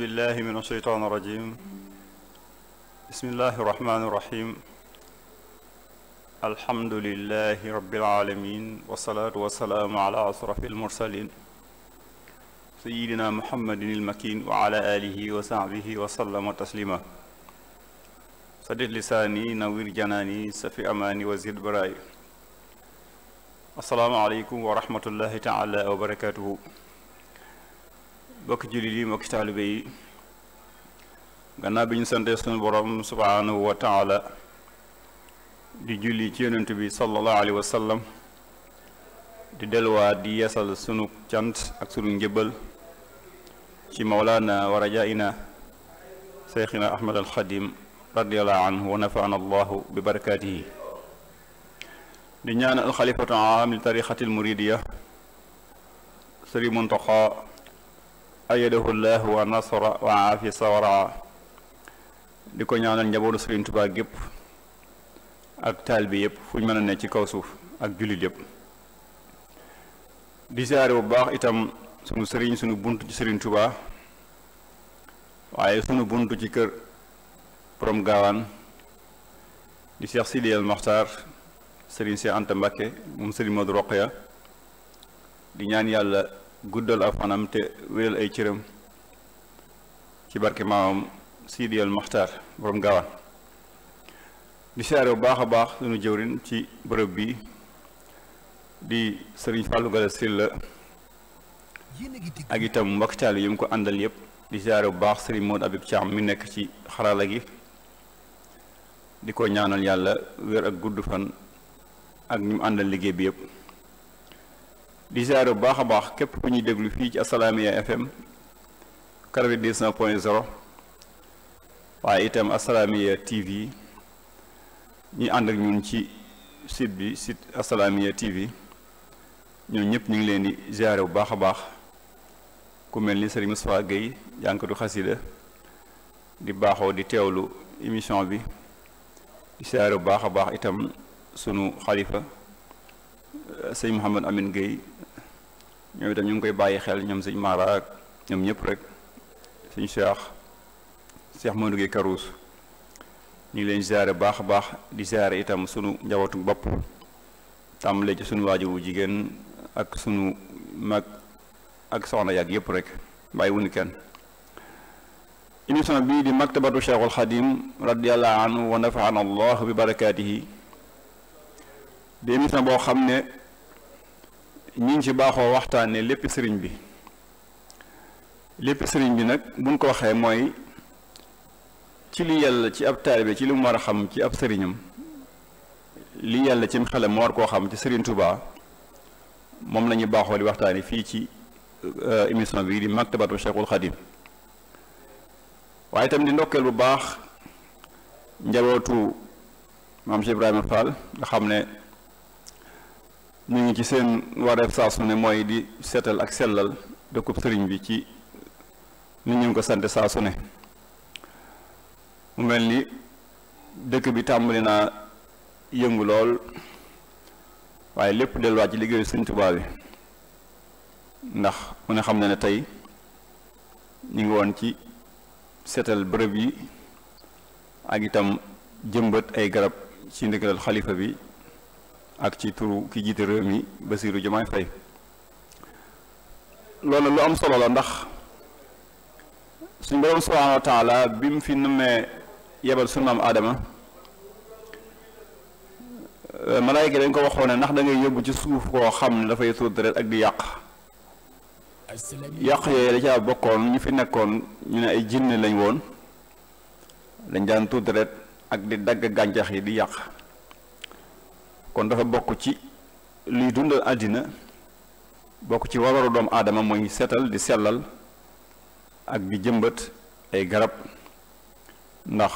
بالله من الشيطان الرجيم بسم الله الرحمن الرحيم الحمد لله رب العالمين والصلاة والسلام على أشرف المرسلين سيدنا محمد المكين وعلى آله وصحبه وسلم تسليما صدق لساني نوير جناني سفي أماني وزيد برائي السلام عليكم ورحمة الله تعالى وبركاته bokki jullit yi mbokki taalibe yi gannaaw bi ñu sante sunu borom subhaanahu wa taala di julli ci yonent bi sallallahu alayhi wa di delluwaat di yeesal sunu cant ak sunu njëbal ci mawlaana wa rajaa'ina seyxina ahmad alxadim radiallahu anhu wa nafaana allahu bi barakaatihi di ñaanal alxalifatu aam li tarixati almuridiya sëriñ Muntaxa ayadahu llah wa nasara wa aafi sawara di ko ñaanal njabootu Sëriñ Tuubaa gépp ak taal bi yëpp fu ñu mën a ne ci kaw suuf ak jullit yëpp di bu baax itam sunu sëriñ sunu bunt ci Sëriñ Tuubaa waaye sunu bunt ci kër boroom gaawaan di Cheikh Sidi El Mokhtar Sëriñ Cheikh Anta Mbàkke moom Sëriñ Modou Rokhaya di ñaan yàlla guddal ab fanam te wéral ay cëram ci barke maamam Sidiyal Maxtaar borom gaawaan di siyaare bu baax a baax sunu jëwrin ci bërëb bi di sëriñ Fallou Gala Sylla ak itam mbokk taali yi mu ko àndal yëpp di siyaare bu baax sëriñ Modou Abib Thiam mi nekk ci xarala gi di ko ñaanal yàlla wér ak gudd fan ak ñu àndal liggéey bi yëpp di ziare bu baax a baax képp ku ñuy déglu fii ci Assalaamy FM 99 point 0 waaye itam Assalaamy TV ñi ànd ak ñun ci site bi site Assalaamy TV ñun ñëpp ñu ngi leen di ziare bu baax a baax ku mel ni Serigne Moustapha Guèye jànkatu xasida di baaxoo di teewlu émission bi di ziare bu baax a baax itam sunu xalifa. sëñ Mouhamed Amine Guèye ñoom itam ñu ngi koy bàyyi xel ñoom sëñ Mara ak ñoom ñëpp rek sëñ Cheikh Cheikh Modou Guèye Karousse ñu ngi leen ziare baax baax di ziare itam sunu njabootu bopp tàmbalee ci sunu waajur wu jigéen ak sunu mag ak soxna yàgg yëpp rek bàyyi wuñu kenn. émission bii di maktabatu cheikhul xadim radiallahu anhu wa nafaana bi barakaatihi di émission boo xam ne ñu ngi ci baaxoo waxtaanee lépp sëriñ bi lépp sëriñ bi nag buñ ko waxee mooy ci li yàlla ci ab taalibe ci li mu war a xam ci ab sëriñam li yàlla cim xelam mu war koo xam ci sëriñ Touba moom lañuy baaxoo baaxoo waxtaan waxtaanee fii ci euh, émission bi di maktabatu Cheikhul Khadim waaye itam di ndokkeel bu baax njabootu maam Cheikh Ibrahima Fall nga xam ne. ñu ngi ci seen wareef saa ne mooy di seetal ak sellal dëkkub sëriñ bi ci ni ñu ko sant saa ne mu mel ni dëkk bi tàmbali naa yëngu lool waaye lépp delluwaat ci liggéeyu sëñ Tuubaa bi ndax mu ne xam na ne tey ñu ngi woon ci seetal bërëb yi ak itam jëmbat ay garab ci ndigalal xalifa bi ak ci turu ki jiite réew mi Bassirou Diomaye Faye loolu lu am solo la ndax suñu borom subhaanahu wa taala bi mu fi nummee yebal sunu maam aadama euh, malaayika dañ ko waxoon ne ndax da ngay yóbbu ci suuf koo xam ne dafay tuur deret ak di yàq yàq yooyu da caa bokkoon ñu fi nekkoon ñu ne ay jinne lañ woon dañ daan tuur deret ak di dagg gàncax yi di yàq kon dafa bokk ci luy dundal àddina bokk ci wawaru doomu aadama mooy seetal di sellal ak di jëmbat ay garab ndax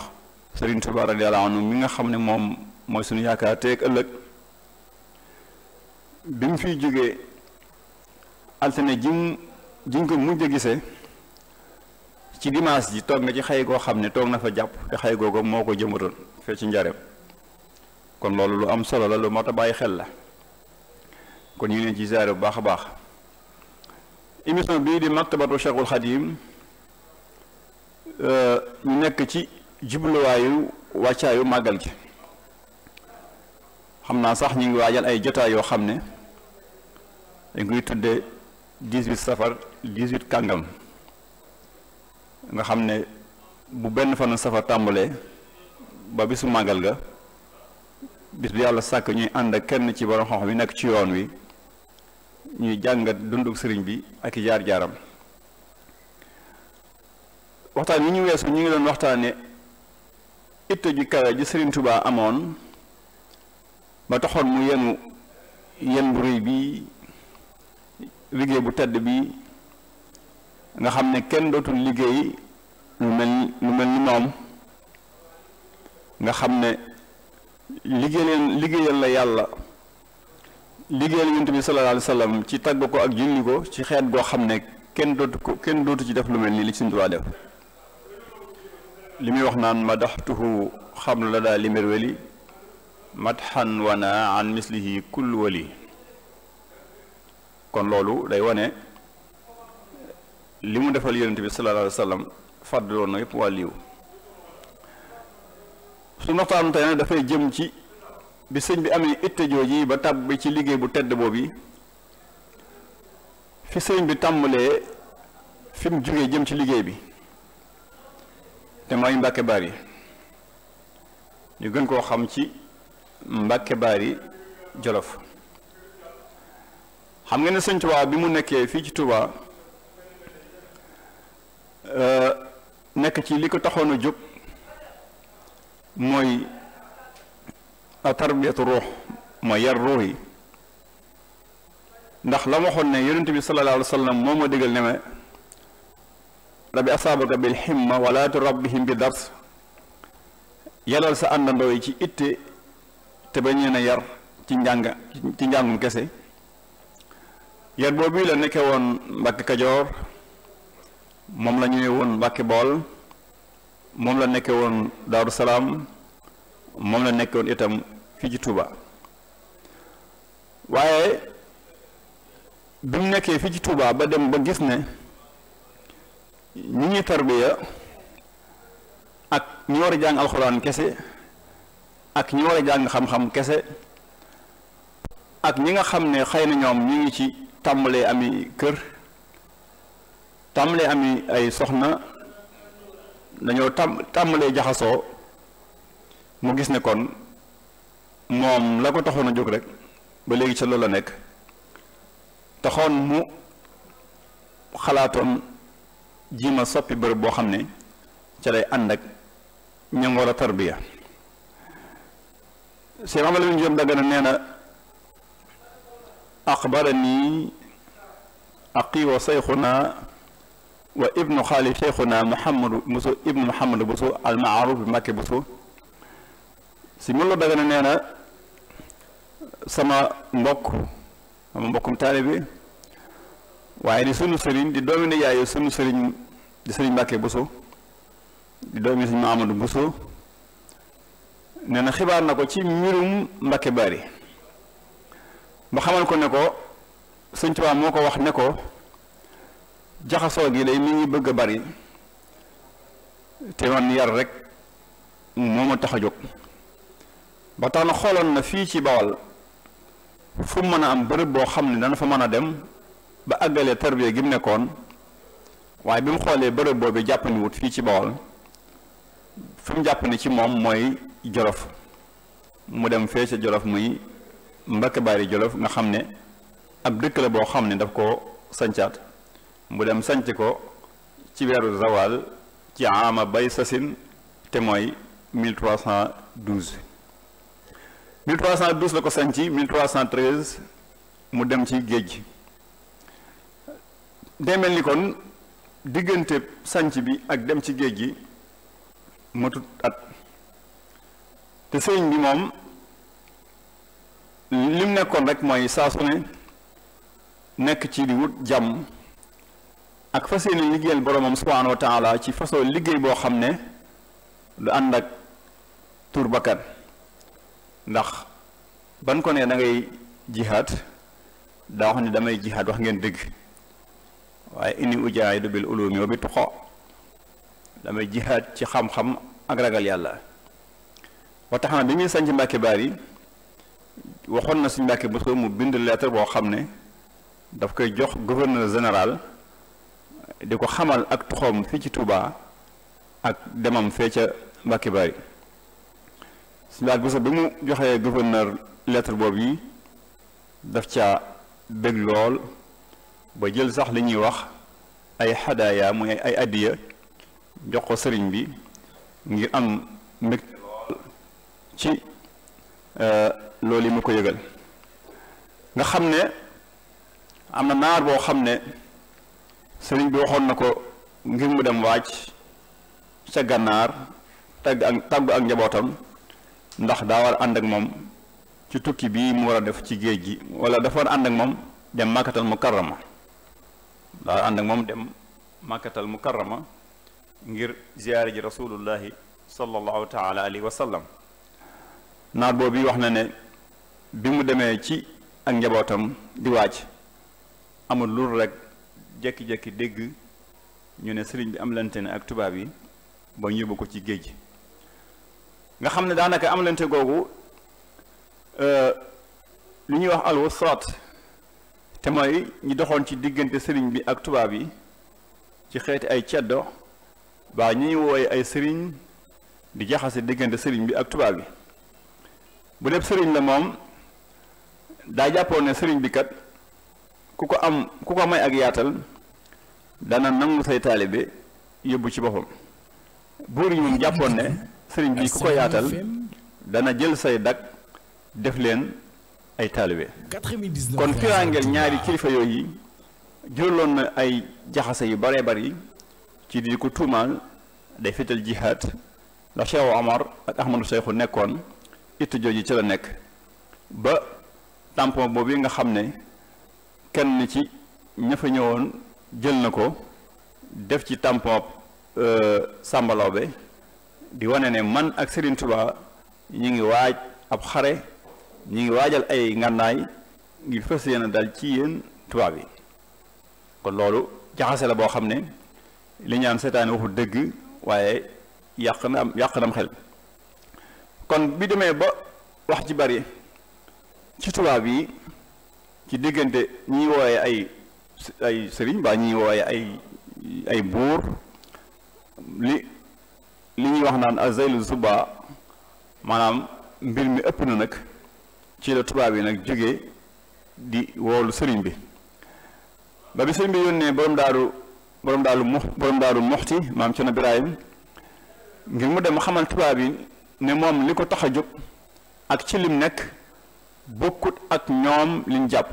Sëriñ Tuubaa radiyallaahu anhu mi nga xam ne moom mooy suñu yaakaar teeg ëllëg bi mu fiy jógee altine ji jiñ ko mujj a gisee ci dimanche ji toog na ci xay goo xam ne toog na fa jàpp te xay ko moo ko jëmbatoon fee ci njareem kon loolu lu am solo la lu mot a bàyyi xel la kon ñu leen ci ziare bu baax a baax émission bii di maktabatu Cheikhul Khadim euh, ñu nekk ci jubluwaayu wàccaayu màggal gi xam naa sax ñu ngi waajal ay jotaay yoo xam ne dañ koy tudde dix-huit safar dix-huit kàngam nga xam ne bu benn fanu safar tàmbalee ba bisu màggal ga bis bi yàlla sàkk ñuy ànd kenn ci borom xam bi yi nekk ci yoon wi ñuy jàngat dundub sëriñ bi ak i jaar-jaaram waxtaan yi ñu weesu ñu ngi doon waxtaane itte ju kawe ji sëriñ Tuubaa amoon ba taxoon mu yenu yen bu rëy bi liggéey bu tedd bi nga xam ne kenn dootul liggéey lu mel lu mel ni moom nga xam ne liggéeyal liggéeyal la yàlla liggéeyal yonent bi sallallahu alayhi wa sallam ci tàgg ko ak julli ko ci xeet goo xam ne kenn dootu ko kenn dootu ci def lu mel ni li ci Sëñ Tuubaa def li muy wax naan madaxtuhu xam la daa limér weli madxan wana an mislihi kull kon loolu day wane li mu defal yonent bi sallallahu alayhi wa sallam fàddaloon na yëpp wàlliw su waxtaanu tey dafay jëm ci bi sëñ bi amee itte jooji ba tàbb ci liggéey bu tedd boobu fi sëñ bi tàmbalee fi mu jógee jëm ci liggéey bi te mooy Mbàkke Baari ñu gën koo xam ci Mbàkke Baari Jolof xam nga ne sëñ Tuubaa bi mu nekkee fii ci Tuubaa euh, nekk ci li ko taxoon a jóg mooy a tarbiyatu ruux mooy yar ruux yi ndax la ma waxoon ne yonent bi sallallahu alayhi wa sallam moo ma digal ne ma rabi asaabaka bil himma wala turabbihim bi dars yaral sa àndandoo yi ci itte te bañ leen a yar ci njàng ci njàngum kese yar boobu la nekkee woon Mbàkke Kajoor moom la ñuy woon Mbàkke Bool moom la nekkee woon Daaru Salaam moom la nekke woon itam fii ci Touba waaye bi mu nekkee fii ci Touba ba dem ba gis ne ñi ñuy tarbiya ak ñi war a jàng alxuraan kese ak ñu war a jàng xam-xam kese ak ñi nga xam ne xëy na ñoom ñu ngi ci tàmbalee ami kër tàmbalee ami ay soxna dañoo tàmm tàmmalee jaxasoo mu gis ne moom la ko taxoon a jóg rek ba léegi ca loolu la nekk taxoon mu xalaatoon jiima soppi bërëb boo xam ne ca lay ànd ak ñam war a tarbiya Seex Amadu Lamin Jóob Dagana nee na axbarani aqi wa sayxuna wa ibnu xaalif cheikhuna mouhamadou Bousso ibnu mouhamadou Bousso al maaruf bi Mbàkke Bousso si mun la daga ne nee na sama mbokk sama mbokkum taalibe waaye di sunu sëriñ di doomi ne yaayu sunu sëriñ di sëriñ Mbàkke Bousso di doomi sëriñ Mahamadou Bousso nee na xibaar na ko ci mbirum Mbàkke Bari ba xamal ko ne ko sëñ Tuubaa moo ko wax ne ko jaxasoo gi day mi ngi bëgg a bari te man yar rek moo ma tax a jóg ba tax na xooloon na fii ci bawal fu mën a am bërëb boo xam ne dana fa mën a dem ba àggalee tarbiya gi mu nekkoon waaye bi mu xoolee bërëb boobu jàpp ni wut fii ci bawal fi mu jàpp ni ci moom mooy jolof mu dem fee ca jolof muy Mbacke Bari jolof nga xam ne ab dëkk la boo xam ne daf ko sancaat mu dem sanc ko ci weeru zawal ci ama bay sasin te mooy 1312 1312 la ko sanc 1313 mu dem ci géej gi ni kon diggante sanc bi ak dem ci géej gi matut at te sëriñ bi moom lim nekkoon rek mooy saa su ne nekk ci di wut jàmm ak fas yéene liggéeyal boromam subhaanahu wa taala ci façon liggéey boo xam ne du ànd ak tur bakkan ndax ban ko ne da ngay jihaad daa wax ne damay jihaad wax ngeen dëgg waaye inni ujaahidu bil ulumi wa bi tuxo damay jihaad ci xam-xam ak ragal yàlla ba tax na bi muy sañc Mbàkke Baari waxoon na suñ Mbàkke bu mu bind lettre boo xam ne daf koy jox gouverneur général di ko xamal ak toxoom fii ci tubaa ak demam fee ca Mbàkke Bari suñu laaj bu bi mu joxee gouverneur lettre boobu yi daf caa bëgg lool ba jël sax li ñuy wax ay xadaaya muy ay addiya jox ko sëriñ bi ngir am mbégte lool ci euh, loolu yi mu ko yëgal nga xam ne am na naar boo xam ne sëriñ bi waxoon na ko ngir mu dem wàcc ca gànnaar tàgg ak tàggu ak njabootam ndax daa war ànd ak moom ci tukki bii mu war a def ci géej gi wala dafa ànd ak moom dem màkkatal mu karrama daa war moom dem màkkatal mu karrama ngir ziyaare ji rasulullahi sallallahu taala alayhi wa sallam naat boobu wax na ne bi mu demee ci ak njabootam di waaj amul lul rek jékki-jékki dégg ñu ne sëriñ bi amlante ne ak tubaab yi ba ñu yóbbu ko ci géej nga xam ne daanaka amlante googu euh, li ñuy wax alwasat te mooy ñi doxoon ci diggante sëriñ bi ak tubaab yi ci xeeti ay ceddo baa ñuy wooye ay sëriñ di jaxase diggante sëriñ bi ak tubaab yi bu def sëriñ la moom daa jàppoon ne sëriñ bi kat ku ko am ku ko may ak yaatal dana nangu say taalibe yóbbu ci boppam buur yi moom jàppoon ne sëriñ bi ku ko yaatal dana jël say dag def leen ay taalibe kon firaangeel ñaari kilifa yooyu juraloon na ay jaxase yu bare bari ci di ko tuumaal day fetal jihaad ndax Cheikh Omar ak Ahmadou Seexu nekkoon itti jooju ci la nekk ba tampon boobu nga xam ne kenn ci ña ñëwoon jël na ko def ci tampon euh, Samba Laobé di wane ne man ak Serigne Touba ñu ngi waaj ab xare ñu ngi waajal ay ngànnaay ngir fës yéen a dal ci yéen tubaab yi kon loolu jaxase la boo xam ne li ñaan seetaani waxu dëgg waaye yàq na am yàq na am xel kon bi demee ba wax ci bari ci tubaab yi ci diggante ñi wooye ay ay sëriñ baa ñuy wooye ay ay buur li li ñuy wax naan azaylu zuba maanaam mbir mi ëpp na nag ci la tubaab yi nag jóge di woolu sëriñ bi ba bi sëriñ bi yónnee borom daalu borom daaru mu borom daaru moxti maam Cerno Birahim ngir mu dem xamal tubaab yi ne moom li ko tax a jóg ak ci lim nekk bokkut ak ñoom liñ jàpp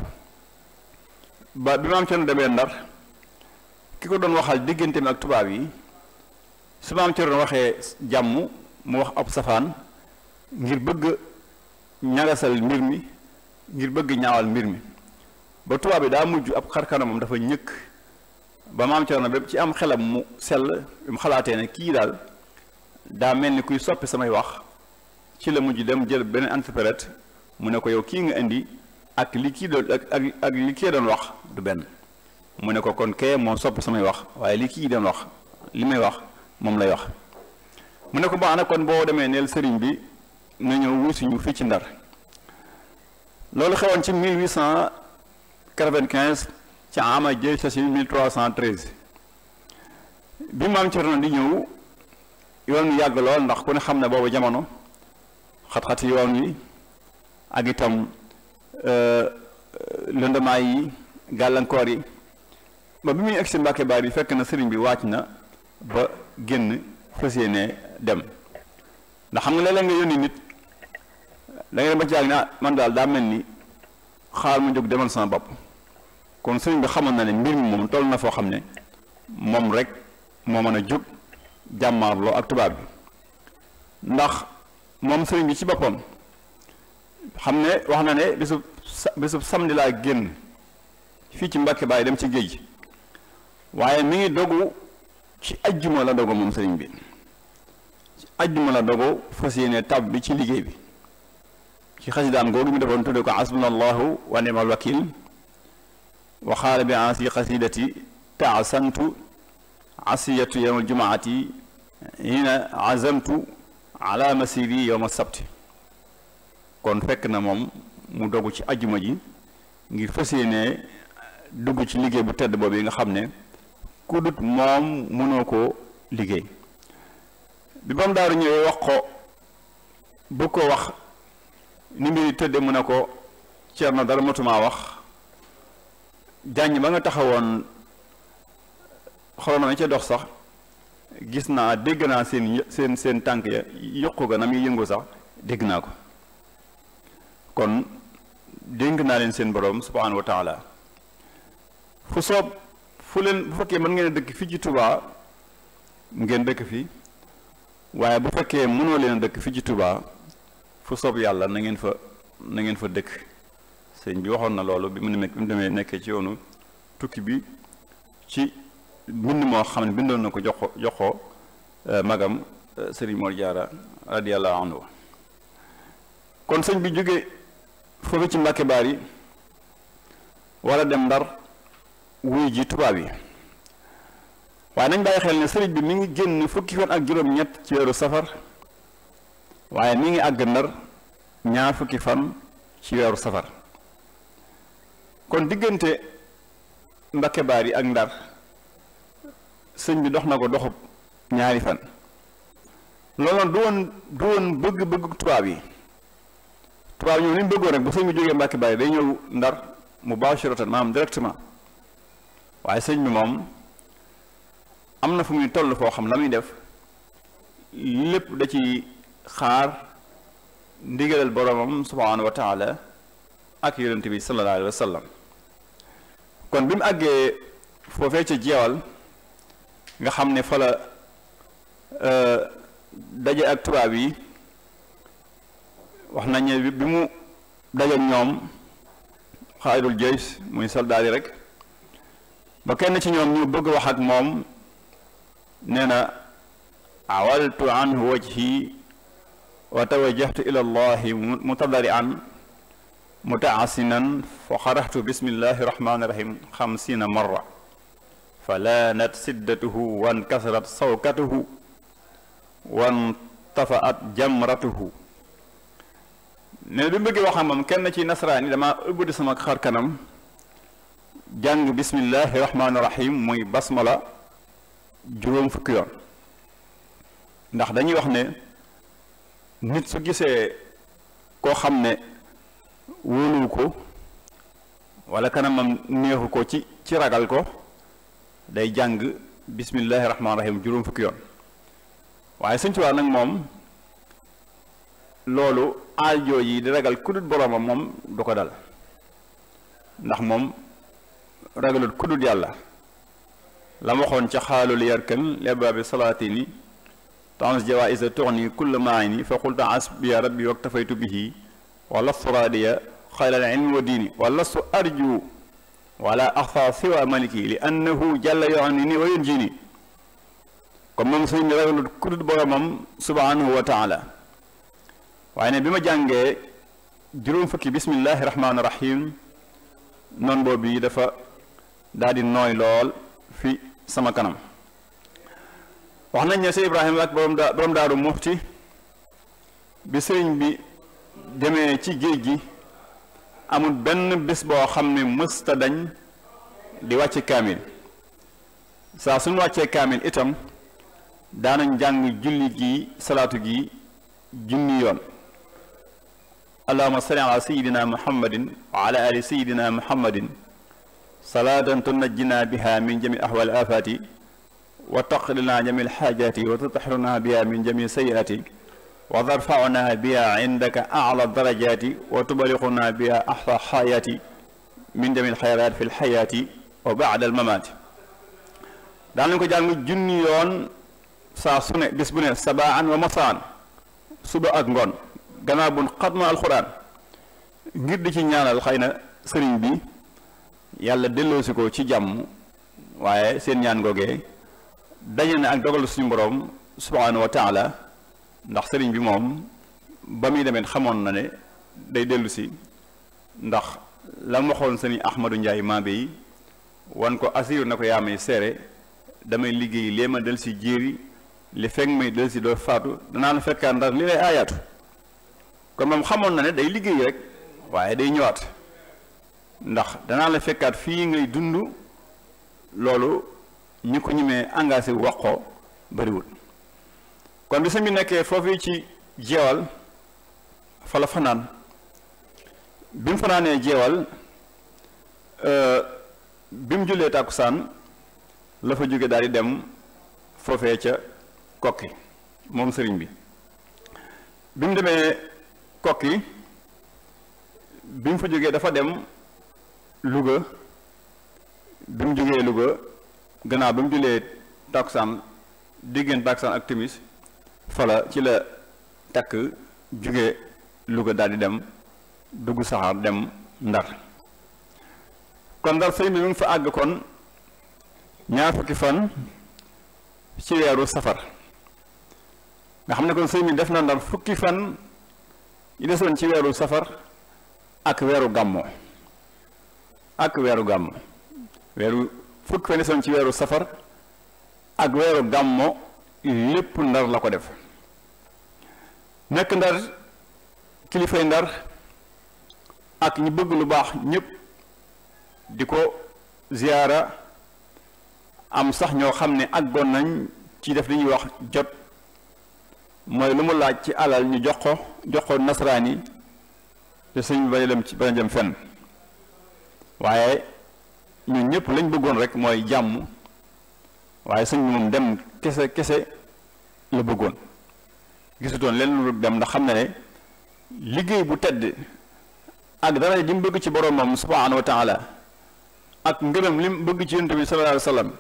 ba bi maam Cerno demee Ndar ki ko doon waxal diggante mi ak tubaab yi su maam Cerno waxee jàmm mu wax ab safaan ngir bëgg ñagasal mbir mi ngir bëgg ñaawal mbir mi ba tubaab bi daa mujj ab xarkanamam dafa ñëkk ba maam Cerno bépp ci am xelam mu sell mu xalaatee ne kii daal daa mel ni kuy soppi samay wax ci la mujj dem jël beneen interprète mu ne ko yow kii nga indi ak li kii doon ak ak ak doon wax du benn mu ne ko kon kee moo sopp samay wax waaye li kii doon wax li may wax moom lay wax mu ne ko baax na kon boo demee neel sëriñ bi na ñëw wuusi ñu fii ci ndar loolu xewoon ci 1895 ci ama jëy sa si 1313 bi maam Cerno di ñëw yoon yàgg lool ndax ku ne xam ne boobu jamono xat-xat yi yoon yi ak itam Euh, lëndëmaa yi gàllankoor yi ba bi muy si Mbàkke Baar yi fekk na sëriñ bi wàcc na ba génn fas yéene dem ndax xam nga léeg-léeg nga yónni nit da nga dem ba ci ah, man daal daa mel ni xaar mu jóg demal sama bopp kon sëriñ bi xamoon na ne mbir mi moom toll na foo xam ne moom rek moo mën a jóg jàmmaarloo ak tubaab bi ndax moom sëriñ bi ci boppam xam ne wax na ne bisu bésub samedi laa génn fii ci Mbàkke Baay dem ci géej waaye mi ngi dogu ci ajjuma la dogu moom sëriñ bi ci ajjuma la dogu fas yéene tab bi ci liggéey bi ci xasidaam googu mu defoon tudde ko asbunallahu wa nimal wakil wa xaala bi ansi xasidati taasantu jumaati hina azamtu ala yowma sabti kon fekk na moom mu dogu ci ajjuma ji ngir fas yéene dugg ci liggéey bu tedd boobu yi nga xam ne ku dut moom mënoo ko liggéey bi bam daaru ñëwee wax ko bu ko wax ni mbiri tëdde mu ne ko na dara matumaa wax jànj ba nga taxawoon xoloon na ca dox sax gis naa dégg naa seen seen tànk ya yokku ga na muy yëngu sax dégg naa ko kon dénk naa leen seen borom subhanahu wa taala fu soob fu leen bu fekkee mën ngeen dëkk fi ci Touba ngeen dëkk fii waaye bu fekkee mënoo leen dëkk fi ci Touba fu soob yàlla na ngeen fa na ngeen fa dëkk sëñ bi waxoon na loolu bi mu demee bi mu demee nekkee ci yoonu tukki bi ci mbind moo xam ne bindoon na ko jox ko jox ko euh, magam euh, Serigne Mor Diarra radiyallahu kon sëñ bi jóge foofu ci Mbàkke Baari wala dem Ndar wuy ji tubaab yi waaye nañ bàyyi xel ne sëriñ bi mi ngi génn fukki fan ak juróom-ñett ci weeru safar waaye mi ngi àgg Ndar ñaar fukki fan ci weeru safar kon diggante Mbàkke yi ak Ndar sëñ bi dox na ko doxub ñaari fan loolu du woon du woon bëgg-bëgg tubaab yi tubaab ñoom li mu rek bu sëñ bi jógee Mbàkke Baay day ñëw ndar mu baashiratan maanaam directement waaye sëñ bi moom am na fu muy toll foo xam la muy def lépp da ci xaar ndigalal boromam subhaanahu wa taala ak yonent bi sallallahu alayhi kon bi mu àggee foofee ca jeewal nga xam ne fa la euh, daje ak tubaab yi wax nañ ne bi mu dajeek ñoom xaayirul jays muy soldaar rek ba kenn ci ñoom ñu bëgg wax ak moom nee na awaltu anhu wajhi wa tawajjahtu ila allahi mutadarri'an mutaasinan fa xaraxtu bismillahi rahmaani rahim xamsiina marra falaanat siddatuhu wan kasarat sawkatuhu wan tafaat ne bi mu bëggee wax moom kenn ci nasaraan yi damaa ubbati sama xar kanam jàng bismillahi rahmaani rahim muy la juróom fukki yoon ndax dañuy wax ne nit su gisee koo xam ne wóoluwu ko wala kanamam neexu ko ci ci ragal ko day jàng bismillahi rahmaani rahim juróom fukki yoon waaye sëñ nag moom loolu aajo yi di ragal kudut boroomam moom du ko dal ndax moom ragalut kudut yàlla la ma waxoon ca xaalul yarkan lebaabi salaatini tans jawaïsa tourni kulla maani fa qulta asbiya rabbi wa ktafaytu bihi wa lastu raadiya xayral ilmi wa diini wa lastu arju wala axfa siwa maliki li annahu jalla yu'inni wa yunjini kon moom suñ ragalut kudut boroomam subhanahu wa taala waaye ne bi ma jàngee juróom fukki bismillahi rahmaani rahim noon boobu yi dafa daal nooy lool fi sama kanam wax nañ ne sëñ Ibrahima ak borom daa borom daaru muxti bi sëriñ bi demee ci géej gi amul benn bés boo xam ne mësta dañ di wàcce kaamil saa suñu wàccee kaamil itam daanañ jàng julli gi salaatu gi junni yoon allahuma salli ala sayidina muhammadin wa ala ali sayidina muhammadin salaatan tunajjina biha min jami ahwal afati wa taqlina jami alxaajaati wa tutaxiruna biha min jami sayiati wa tarfauna biha indaka ala darajaati wa tubalixuna biha axsa xaayaati min jami alxayraat fi lxayaati wa baada almamaati daan nañ ko jàng junni yoon saa su ne bis bu ne sabaan wa masaan suba ak ngoon gannaaw bu xatma alxuraan ngir di ci ñaanal xëy na sëriñ bi yàlla delloosi ko ci jàmm waaye seen ñaan googee daje na ak dogal suñu boroom subhaanahu wa ndax sëriñ bi moom ba muy demee xamoon na ne day dellu si ndax la mu waxoon sëriñ Ahmadou Ndiaye maabe yi wan ko assur na ko yaa may seere damay liggéey lee ma dell si jéeri li fekk may del si doo faatu danaa la fekkaat ndax li lay aayaatu kon moom xamoon na ne day liggéey rek waaye day ñëwaat ndax danaa la fekkaat fii ngay dund loolu ñi ko ñemee engagé wax ko bëriwul kon bi sëñ nekkee foofu ci jeewal fa la fanaan bi mu fanaanee jeewal euh, bi mu jullee tàkkusaan la fa jóge daal di dem foofee ca kokki moom sëriñ bi bi mu demee kokki bi mu fa jógee dafa dem Louga bi mu jógee Louga gannaaw bi mu julee takkusaan diggéen takkusaan ak timis fala ci la takk jóge Louga daal di dem dugg saxaar dem Ndar kon Ndar sëñ bi mu fa àgg kon ñaar fukki fan ci weeru safar nga xam ne ko sëñ bi def na Ndar fukki fan ñu desoon ci weeru safar ak weeru gàmmu ak weeru gàmmu weeru fukk fa desoon ci weeru safar ak weeru gàmmu lépp ndar la ko def nekk ndar kilifay ndar ak ñi bëgg lu baax ñépp di ko ziyaara am sax ñoo xam ne àggoon nañ ci def li ñuy wax jot mooy lu mu laaj ci alal ñu jox ko jox ko nasaraan yi te sëñ bi bañ dem ci bañ a dem fenn waaye ñu ñëpp lañ bëggoon rek mooy jàmm waaye sëñ bi moom dem kese kese la bëggoon gisutoon leen lu dem ndax xam na ne liggéey bu tedd ak dara di mu bëgg ci boromam subhaanahu wa ak ngërëm li mu bëgg ci yonent bi sallallahu alayhi wa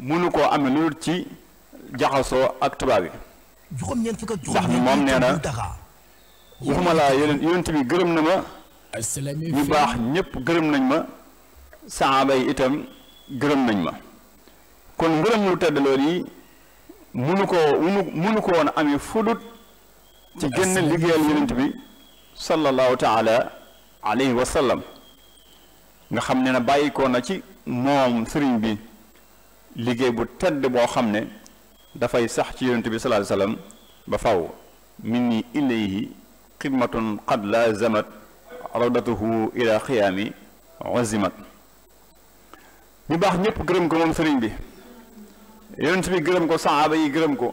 sallam koo amee lu ci jaxasoo ak tubaab yi juróom-ñeent fukk ak moom nee na waxuma laa yeneen yonent bi gërëm na ma ñu baax ñëpp gërëm nañ ma saxaaba yi itam gërëm nañ ma kon ngërëm lu tedd lool yi munu ko munu munu ko woon amee fudut ci génn liggéeyal yonent bi sallallahu taala alayhi wa nga xam ne na bàyyi ko na ci moom sëriñ bi liggéey bu tedd boo xam ne dafay sax ci yonent bi sallallahu alayhi wasallam ba faw minni ilayhi xidmatun qad laazamat rawdatuhu ila xiyaami wazimat ñu baax ñépp gërëm ko moom sëriñ bi yonent bi gërëm ko saxaaba yi gërëm ko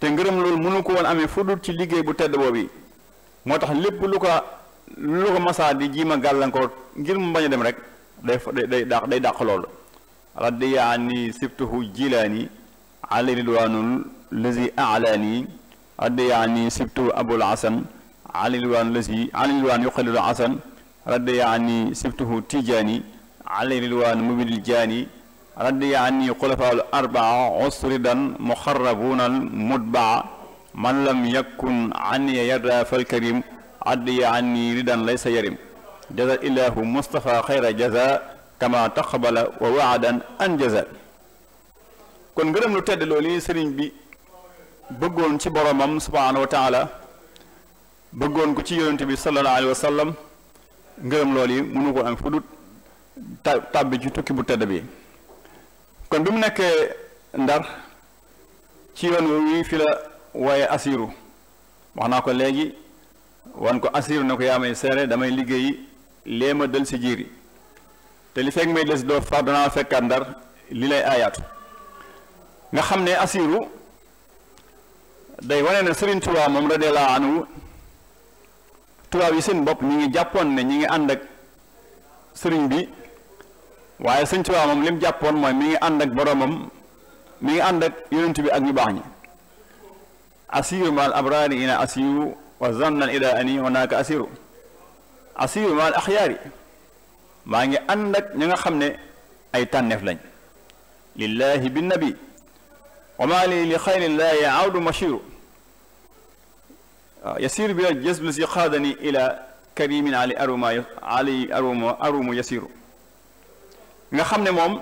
te ngërëm loolu mënu ko woon amee fu ci liggéey bu tedd boobu moo tax lépp lu ko lu ko masaa di jiima gàllankoor ngir mu bañ dem rek day day day dàq loolu raddiyaani sibtuhu jilaani ali ridwanul lazi alaani raddiyaani sibtu abul hasan ali ridwaan lazi ali ridwaan yuqallidu hasan raddiyaani sibtuhu tijaani ali ridwaan mubidil jaani raddiyaani xulafaal arbaa usridan muxarrabunal mutbaa man lam yakun aniya yarda falkarim raddiyaani ridan laysa yarim jaza illahu mustafa xayra jaza kama taqabala wa waadan an jaza kon ngërëm lu tedd loolu yi sëriñ bi bëggoon ci boromam subhaanahu wa taala bëggoon ko ci yonente bi sallallahu alayhi wa sallam ngërëm loolu yi mënu ko am fu ta tàbbi ci tukki bu tedd bi kon bi mu nekkee ndar ci yoon wi fi la waaye asiru wax naa ko léegi wan ko asiru na ko yaa may seere damay liggéey léema dël si jiir yi te li fekk may des doo fa danaa fekkaat ndar li lay aayaatu nga xam ne asiru day wane ne Serigne Touba moom radiyallahu anhu tubaab yi seen bopp ñu ngi jàppoon ne ñi ngi ànd ak sëriñ bi waaye sëñ Touba moom lim jàppoon mooy mi ngi ànd ak boromam mi ngi ànd ak yonent bi ak ñu baax ñi asiru maal abraari ina asiru wa zannan ida ani honaaka asiru asiru maal axyaari maa ngi ànd ak ñi nga xam ne ay tànneef lañ lillahi bi nabi wa maa lii li xayrin laa yaawdu mashiru waaw yasiru bi la si xaadani ila karimin ali arumu yasiru nga xam ne moom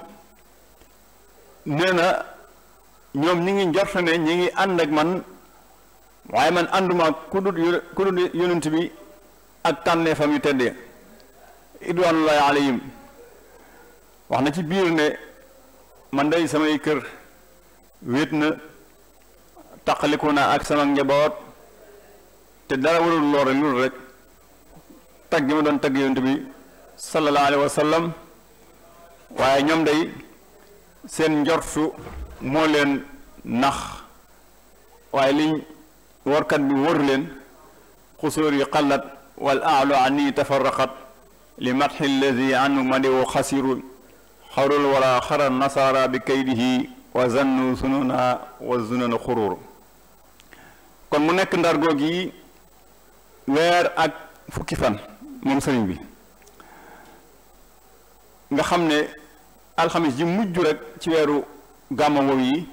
nee na ñoom ñi ngi njort ne ñi ngi ànd ak man waaye man ànduma ku dul ku dul yonent bi ak tànneefam yu teddee idwanullahi alayhim wax na ci biir ne man day samay kër wéet na taqaliku naa ak sama njaboot te dara warul loor loolu rek tag gi ma doon tagg yonent bi sallallahu alayhi wa waaye ñoom day seen njortu moo leen nax waaye liñ warkat bi wóor leen xusuur yi xallat wal aalo ani tafarraqat li matxi allazi anhu madi wa xasiru xarul wala xara nasara bi kaydihi wa zannu sununa wa zununa kon mu nekk ndar goog yi weer ak fukki fan moom sëriñ bi nga xam ne alxamis ji mujj rek ci weeru gàmma wow yi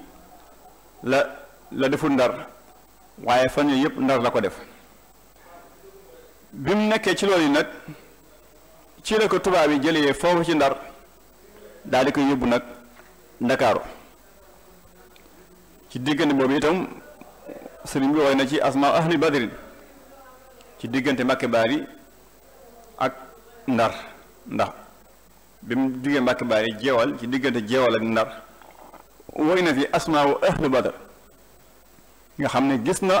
la la deful ndar waaye fan yooyu yëpp ndar la ko def bi mu nekkee ci loolu nag ci la ko tubaab yi jëlee foofu ci ndar daal di ko yóbbu nag ndakaaru ci diggante boobu itam sëriñ bi woy na ci asmaa ahli badrin ci diggante Mbàkke Baari ak Ndar ndax bi mu jugee Mbàkke Baari jeewal ci diggante jeewal ak Ndar woy na fi asmaa wu badr nga xam ne gis na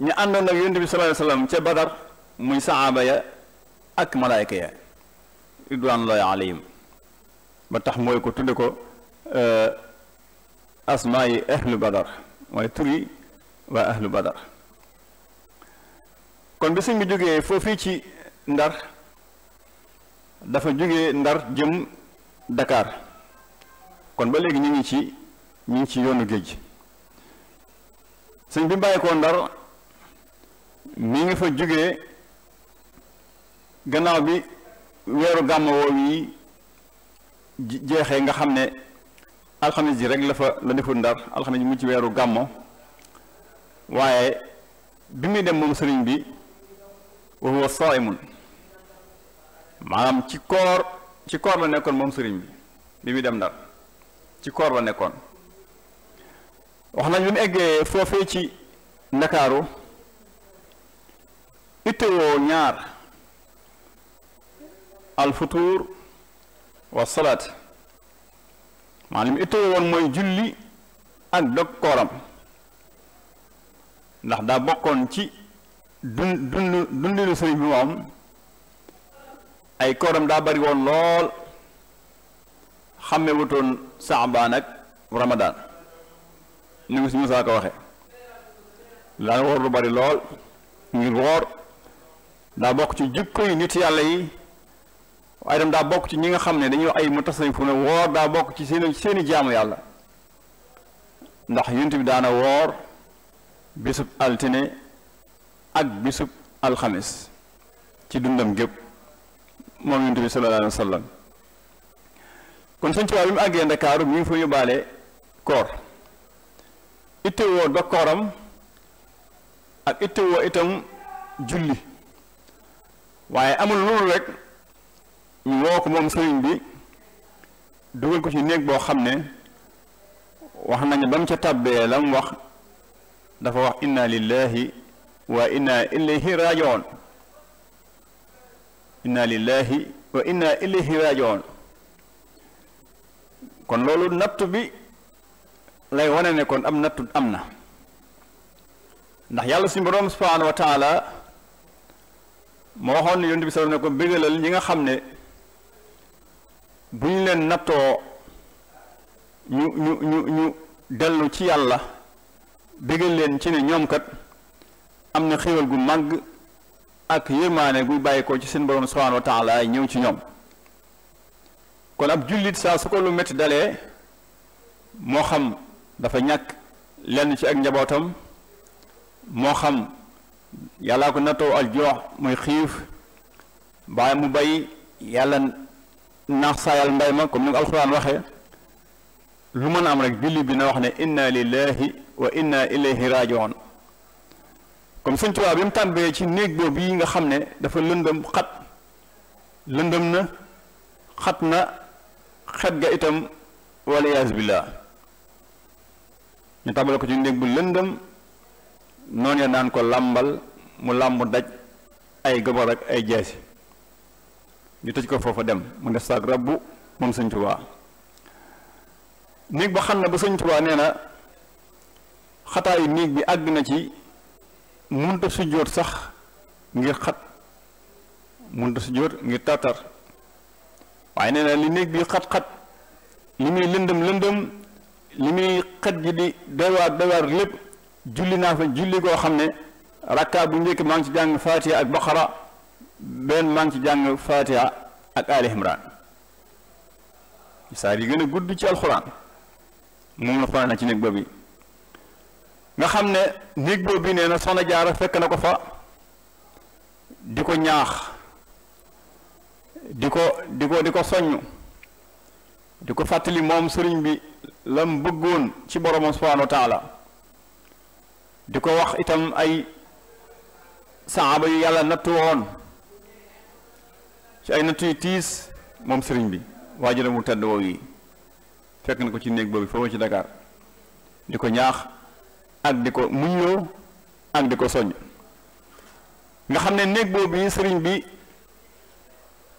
ñu àndoon ak yonent bi sallallahu alayhi wasallam ca Badar muy saxaaba ya ak malaayka ya ridwanullahi alayhim ba tax mooy ko tudde ko euh, asmaa yi ahlu badar waaye tur yi ahlu badar kon bi sëñ bi jógee foofii ci ndar dafa jógee ndar jëm Dakar kon ba léegi ñu ngi ci ñu ngi ci yoonu géej sëñ bi bàyyi ko ndar mi ngi fa jógee gannaaw bi weeru gàmma woow jeexee nga xam ne alxames ji rek la fa la defoon ndar alxames yi mu ci weeru gàmmo waaye bi muy dem moom sëriñ bi wa huwa saimun maanaam ci koor ci koor la nekkoon moom sëriñ bi bi muy dem ndar ci koor la nekkoon wax nañ bi mu eggee foofee ci ndakaaru ittewoo ñaar al futuur wa salaat maanaam li mu ittoo woon mooy julli ak dog kooram ndax daa bokkoon ci dun dund dundinu sëriñ bi moom ay kooram daa bari woon lool xàmme wutoon saabaan ak ramadaan ni ngi si Musaa ko waxe daa woor lu bari lool ngir woor daa bokk ci jikko yi nit yàlla yi waaye itam daa bokk ci ñi nga xam ne ay wax ay mutasawwifuna woor daa bokk ci seen seen i jaamu yàlla ndax yonent bi daana woor bisub altine ak bisub alxamis ci dundam gépp moom yonent bi sallallahu alayhi wa sallam kon sëñ mu àggee Ndakaaru mi ngi fa yóbbaale ba kooram ak ittewoo itam julli waaye amul loolu rek woo ko moom sëriñ bi dugal ko ci néeg boo xam ne wax nañu ba mu ca tàbbee la mu wax dafa wax inna lillahi wa inna ilayhi rajiun inna lillahi wa inna ilayhi rajiun kon loolu natt bi lay wane ne kon am nattu am na ndax yàlla suñu borom subhanahu wa taala moo waxoon ne yonent bi sal ne ko bégalal ñi nga xam ne bu ñu leen nattoo ñu ñu ñu ñu dellu ci yàlla bégal leen ci ne ñoom kat am na xéwal gu màgg ak yërmaane guy bàyyi ko ci seen borom subhaanahu wa taala ñëw ci ñoom kon ab jullit saa su ko lu métti dalee moo xam dafa ñàkk lenn ci ak njabootam moo xam yàllaa ko nattoo al joox muy xiif baa mu bay yàlla naax saayal mbay ma comme ni ko alxuraan waxee lu mën a am rek julli bi wax ne inna lillahi wa inna ilayhi rajiun comme sëñ Tuubaa bi mu tàmbee ci néeg boobu yi nga xam ne dafa lëndëm xat lëndëm na xat na xet ga itam waliyaas billaa ñu tabale ko ci néeg bu lëndëm noonu ya naan ko làmbal mu làmb daj ay gobar ak ay jaasi ñu tëj ko foofu dem mu def saag rabbu moom sëñ Tuubaa néeg ba xam ne ba sëñ Tuubaa nee na xataayu néeg bi àgg na ci munta sujjóot sax ngir xat munta sujjóot ngir tartar waaye nee na li néeg bi xat-xat li muy lëndëm lëndëm li muy xet gi di doy waar doy waar lépp julli naa fa julli koo xam ne rakkaa bu njëkk maa ngi ci jàng faatiha ak baqara benn maa ngi ci jàng Fatiha ak Ali Imran saar yi gën a gudd ci alxuraan moom la fanaan na ci néeg boobu nga xam ne néeg boobu bi nee na soxna jaara fekk na ko fa di ko ñaax di ko di ko di ko soññ di ko fàttali moom sëriñ bi la mu bëggoon ci boromam subhaanahu di ko wax itam ay saaba yu yàlla nattu woon ci ay nattu yu tiis moom sëriñ bi waa waajuram wu tedd woow yi fekk na ko ci néeg boobu foofu ci Dakar di ko ñaax ak di ko muñloo ak di ko soññ nga xam ne néeg boobu sëriñ bi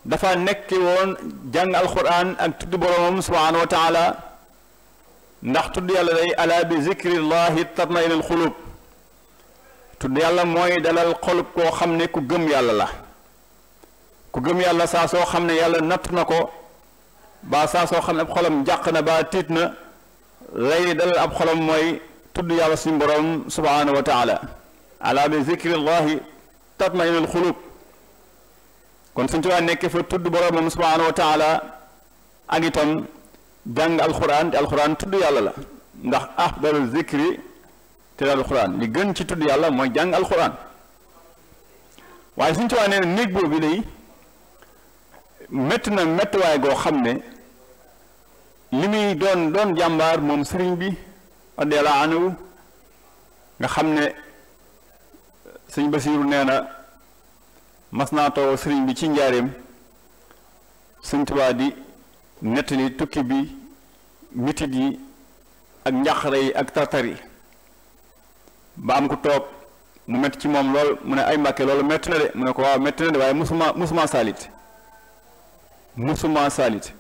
dafa nekk woon jàng alquran ak tudd borom subhanahu wa ndax tudd yàlla day ala bi zikrillahi tatma ilal xulub tudd yàlla mooy dalal xolub koo xam ne ku gëm yàlla la ku gëm yàlla saa soo xam ne yàlla natt na ko ba saa soo xam ne ab xolam jàq na baa tiit na lay dalal ab xolam mooy tudd yàlla suñu borom subhaanahu wa taala ala bi zikrillahi tatmainul xulub kon suñ ci waa nekkee fa tudd boromam subhaanahu wa taala ak itam jàng alquran te alquran tudd yàlla la ndax afdalu zikri te alquran li gën ci tudd yàlla mooy jàng alquran waaye suñ ci waa nee néeg boobu day métti na méttiwaay goo xam ne li muy doon doon jàmbaar moom sëriñ bi radiyallahu anhu nga xam ne sëñ Basiiru nee na mas naa toog sëriñ bi ci njaareem sëñ Tuubaa di nettali tukki bi mitit yi ak njàqare yi ak tartar yi ba am ku toog mu métti ci moom lool mu ne ay mbàkke loolu métti na de mu ne ko waaw métti na de waaye musuma musuma saalit musuma saalit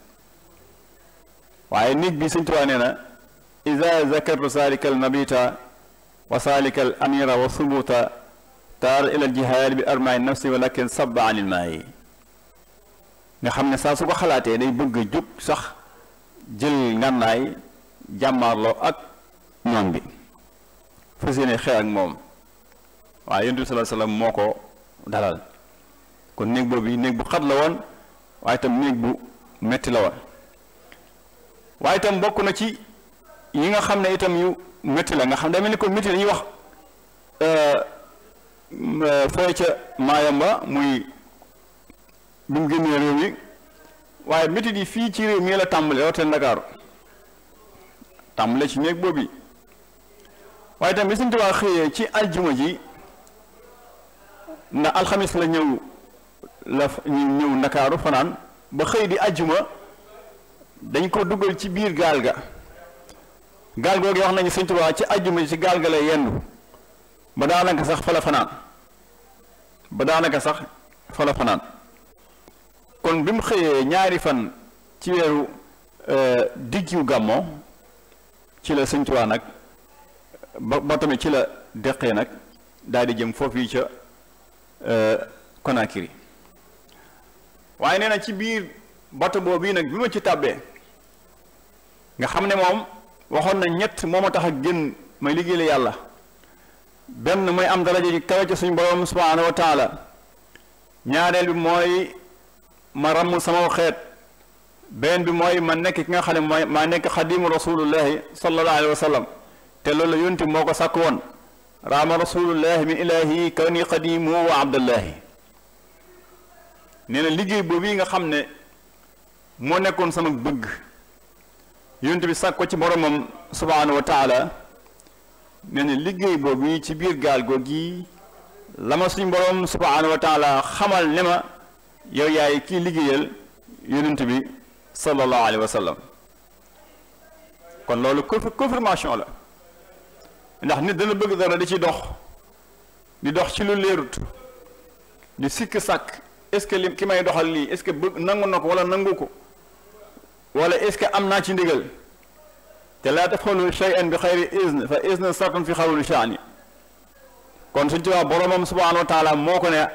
waaye nit bi Sëñ Tuubaa nee na iza zakartu saalikal mabita wa saalikal amira wa subuta taar ilal jihaad bi armaay nafsi walakin sabba anil maayi nga xam ne saa su ko xalaatee day bëgg a jóg sax jël ngànnaay jàmmaarloo ak ñoom bi fas yéene xeex ak moom waaye yonent bi moo ko dalal kon xat la woon waaye itam néeg bu metti la woon waaye itam bokk na ci yi nga xam ne itam yu metti la nga xam ne mel ni ko metti la ñuy wax euh, euh, fooy ca Maayamba muy bi mu génnee réew mi waaye metti di fii ci réew mi la tàmbale woote Ndakaaru tàmbale ci néeg boobu waaye itam bi Sëñ Tuubaa xëyee ci aljuma ji ndax alxamis la ñëw la ñu ñëw ndakaaru fanaan ba xëy di ajjuma dañ ko dugal ci biir gaal ga gaal googu wax nañu sëñ ci ajjuma ci gaal ga lay yendu ba daanaka sax fa la fanaan ba daanaka sax fa la fanaan kon bi mu xëyee ñaari fan ci weeru euh, diggu gàmmo ci la sëñ nag ba ba tamit ci la deqee nag daal di jëm foofu yi ca euh, Conakry waaye nee na ci biir bato boobu bii nag bi ma ci tàbbee nga xam ne moom waxoon na ñett moo ma tax ak génn may liggéeyal yàlla benn mooy am daraja yi kawe ci suñu borom subhaanahu wa taala ñaareel bi mooy ma ramm sama xeet beneen bi mooy ma nekk ki nga xam ne mooy maa nekk xadimu rasulullahi sallallahu alayhi wa sallam te loolu la yonti moo ko sàkk woon raama rasulullahi min ilahi kawni xadimu wa abdullahi nee liggéey boobu yi nga xam ne moo nekkoon sama bëgg yonent bi sàkk ko ci boromam subhaanahu wa taala nee na liggéey boobu ci biir gaal googi la ma suñ borom subhaanahu wa xamal ne ma yow yaay kii liggéeyal yonent bi sallallahu alayhi wa kon loolu confirmation la ndax nit dana bëgg dara di ci dox di dox ci lu leerut di sikk sàkk est-ce que li ki may doxal lii est-ce que bëgg nangu na ko wala nangu ko wala est-ce que am naa ci ndigal te laa tafxalu shay'an bi xayri izn fa izn sartun fi xawlu sha'ni kon suñ ci boromam subhanahu wa moo ko ne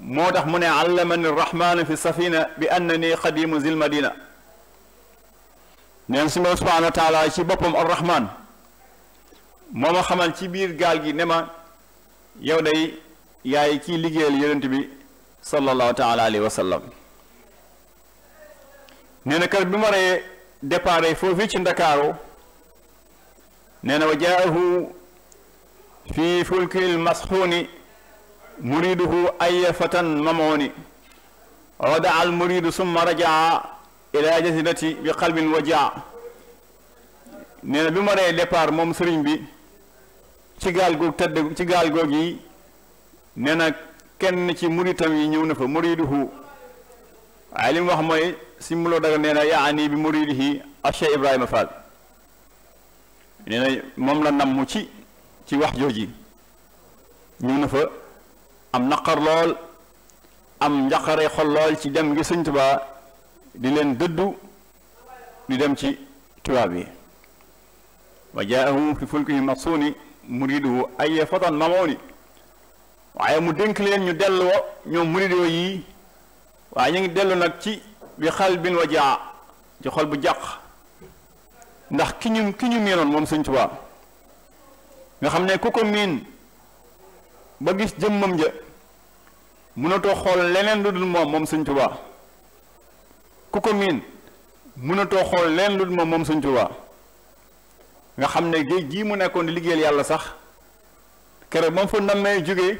moo tax mu ne allamani rahmanu fi safina bi annani xadimu zil madina neen suñu borom subhanahu wa ci boppam arrahman moo ma xamal ci biir gaal gi ne ma yow day yaay kii liggéeyal yonent bi sallallahu taala alayhi wa sallam nee bi ma ree départ foofu ci ndakaaru nee na wa jaahu fi fulkil masxuuni muriduhu aya fatan mamooni roda al muridu summa rajaa ila jasidati bi qalbin wajaa nee bi ma ree moom sëriñ bi ci gaal goog tëdd ci gaal goog yi nee kenn ci muritam yi ñëw na fa muriduhu waaye wax mooy si muloo daga nee na yaani bi muridihi Cheikh Ibrahima Fall nee na moom la namm ci ci wax jooji ñëw na am naqar lool am njaqare xol lool ci dem ngi sëñ Tuubaa di leen dëddu di dem ci tubaab yi wa jaahu fi fulkihim masuuni muriduhu ay fatan mamooni waaye mu dénk leen ñu delloo ñoom muridoo yii waaye ñu ngi dellu nag ci bi xal bin wajaa ci xol bu jàq ndax ki ñu ki ñu miinoon moom Sëñ Tuubaa nga xam ne ku ko miin ba gis jëmmam ja mënatoo xool leneen lu dul moom moom Sëñ Tuubaa ku ko miin mënatoo xool leneen lu moom moom Sëñ Tuubaa nga xam ne ji gii mu nekkoon di liggéeyal yàlla sax keroog ba mu fa nammee jógee